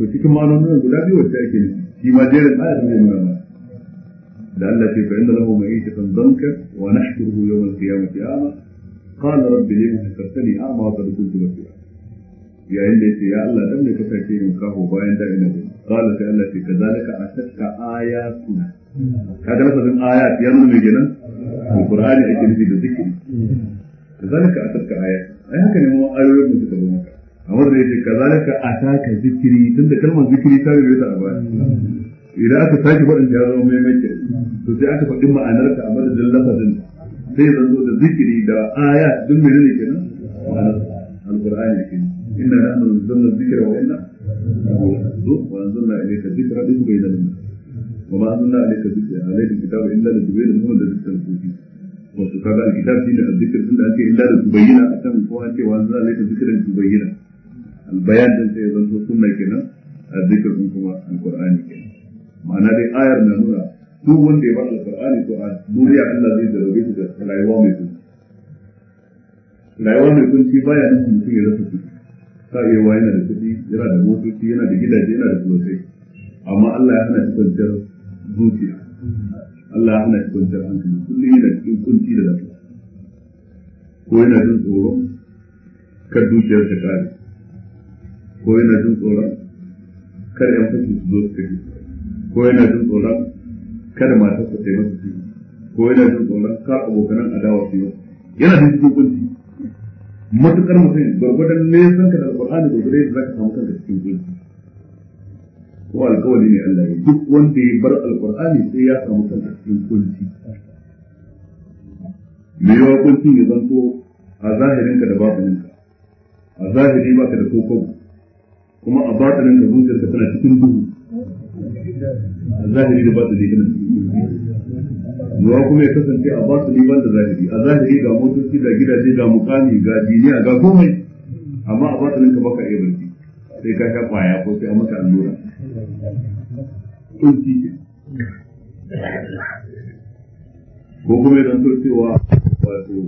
وتكما أنه نقول لا بي وتأكل فيما جير الآية من المنام لأن فإن له مكيسة ضنكا ونحشره يوم القيامة يا qala rabbi lima hakartani a'ma wa qad kuntu basira yayin da yace ya Allah dan me ka sake yin kaho bayan da ina gani qala sai Allah ce kazalika atatka ayatuna kaga lafazin ayat ya nuna me kenan alqur'ani ake nufi da zikiri kazalika atatka ayat ai haka ne mu ayoyin mu suka zo maka amma da yace kazalika ataka zikiri tunda kalmar zikiri ta rubuta a baya aka sake faɗin ya aka faɗi a madadin zai zanto da zikiri da aya duk mai ne kenan alqur'ani kenan inna nahnu nazzalna dhikra wa inna wa anzalna ilayka dhikra litubayyana lin-nas wa ma anzalna ilayka dhikra alayka kitaba illa litubayyana lahum alladhi ikhtalafu fihi wato kaga alkitab shine azzikr din da ake illa litubayyana akan kowa ce wa anzalna ilayka dhikra litubayyana albayan din sai zanto sunna kenan azzikr din kuma alqur'ani kenan ma'ana dai ayar na nuna duk wanda ya bar alqur'ani to a duniya Allah zai darabe shi da rayuwa mai kunci rayuwa mai kunci baya nufin mutum ya rasa kuɗi sa iya wa yana da kuɗi yana da motoci yana da gidaje yana da sosai amma Allah ya hana shi kwanciyar zuciya Allah ya hana shi kwanciyar hankali kullum yana cikin kunci da dafa ko yana jin tsoron kar zuciyar ta kare ko yana jin tsoron kar yan fashi su zo su kashe ko yana jin tsoron kada matar ta sai masa suna, ko yana jin tsoron ka abokanan adawa su yi yana da cikin kunci matukar mutum gwargwadon nesan ka da alqur'ani gwargwadon yadda ka samu kanka cikin kunci ko alkawari ne Allah ya duk wanda ya bar alqur'ani sai ya samu kanka cikin kunci me yawa kunci zan ko a zahirinka da ka a zahiri ba ka da kokon kuma a batanin ka zuciyarka tana cikin duhu a zahiri da batini kana ruwa kuma ya kasance a su liban da zahiri a zahiri ga motoci ga gidaje ga mukami ga duniya ga komai amma a su ninka baka iya barci sai ka sha kwaya ko sai a maka allura kunci ko kuma idan so cewa wato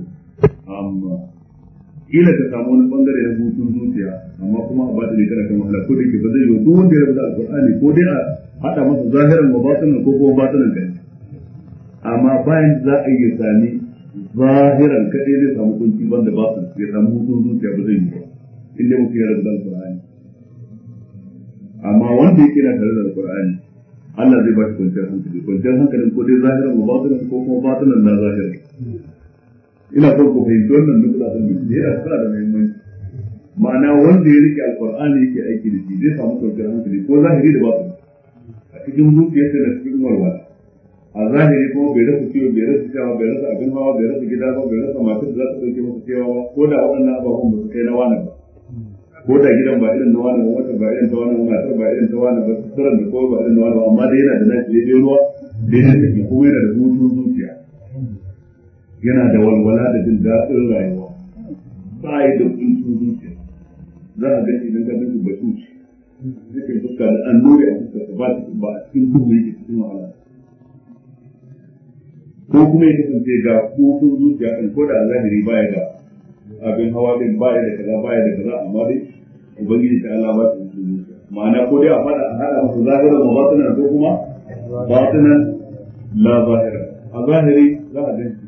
kila ka samu wani bangare na hutun zuciya amma kuma a bata ne kana kan wahala ko da ke ba zai yi ba duk wanda ya rubuta alqur'ani ko dai a haɗa masa zahiran wa batinan ko kuma batinan kai amma bayan za a yi sami zahiran kadai zai samu kunci banda batin ya samu hutun zuciya ba zai yi ba inda mutum ya rabu da alqur'ani amma wanda yake na tare da alqur'ani Allah zai ba shi kwanciyar hankali kwanciyar hankalin ko dai zahiran wa batinan ko kuma batinan na zahiran ina son ku fahimci wannan duk da sun bincike yana sa da muhimmanci ma'ana wanda ya rike alqur'ani yake aiki da shi zai samu kwanciyar hankali ko zahiri da batin cikin zuciyarsa da cikin warwa a zahiri kuma bai rasa ciwo bai rasa cewa bai rasa abin hawa bai rasa gida ba bai rasa matar da za ta ɗauke masa cewa ba ko da waɗannan abubuwan ba su kai na wani ba ko da gidan ba irin na wani ba wata ba irin ta wani ba matar ba irin ta wani ba tsaron da kowa ba irin na wani ba amma dai yana da nashi dai ruwa daidai da ke kuma yana da hutun zuciya yana da walwala da jin daɗin rayuwa ba yi da hutun zuciya za a ga idan ka gaji ba tuci zikin fuska da annuri a fuska ba a cikin duhu yake cikin wahala ko kuma ya kasance ga zuciya ko da a zahiri baya abin hawa da kaza da kaza amma dai ubangiji ta Allah ba ta zuciya ma'ana ko dai a a ko kuma la zahira a zahiri za a gani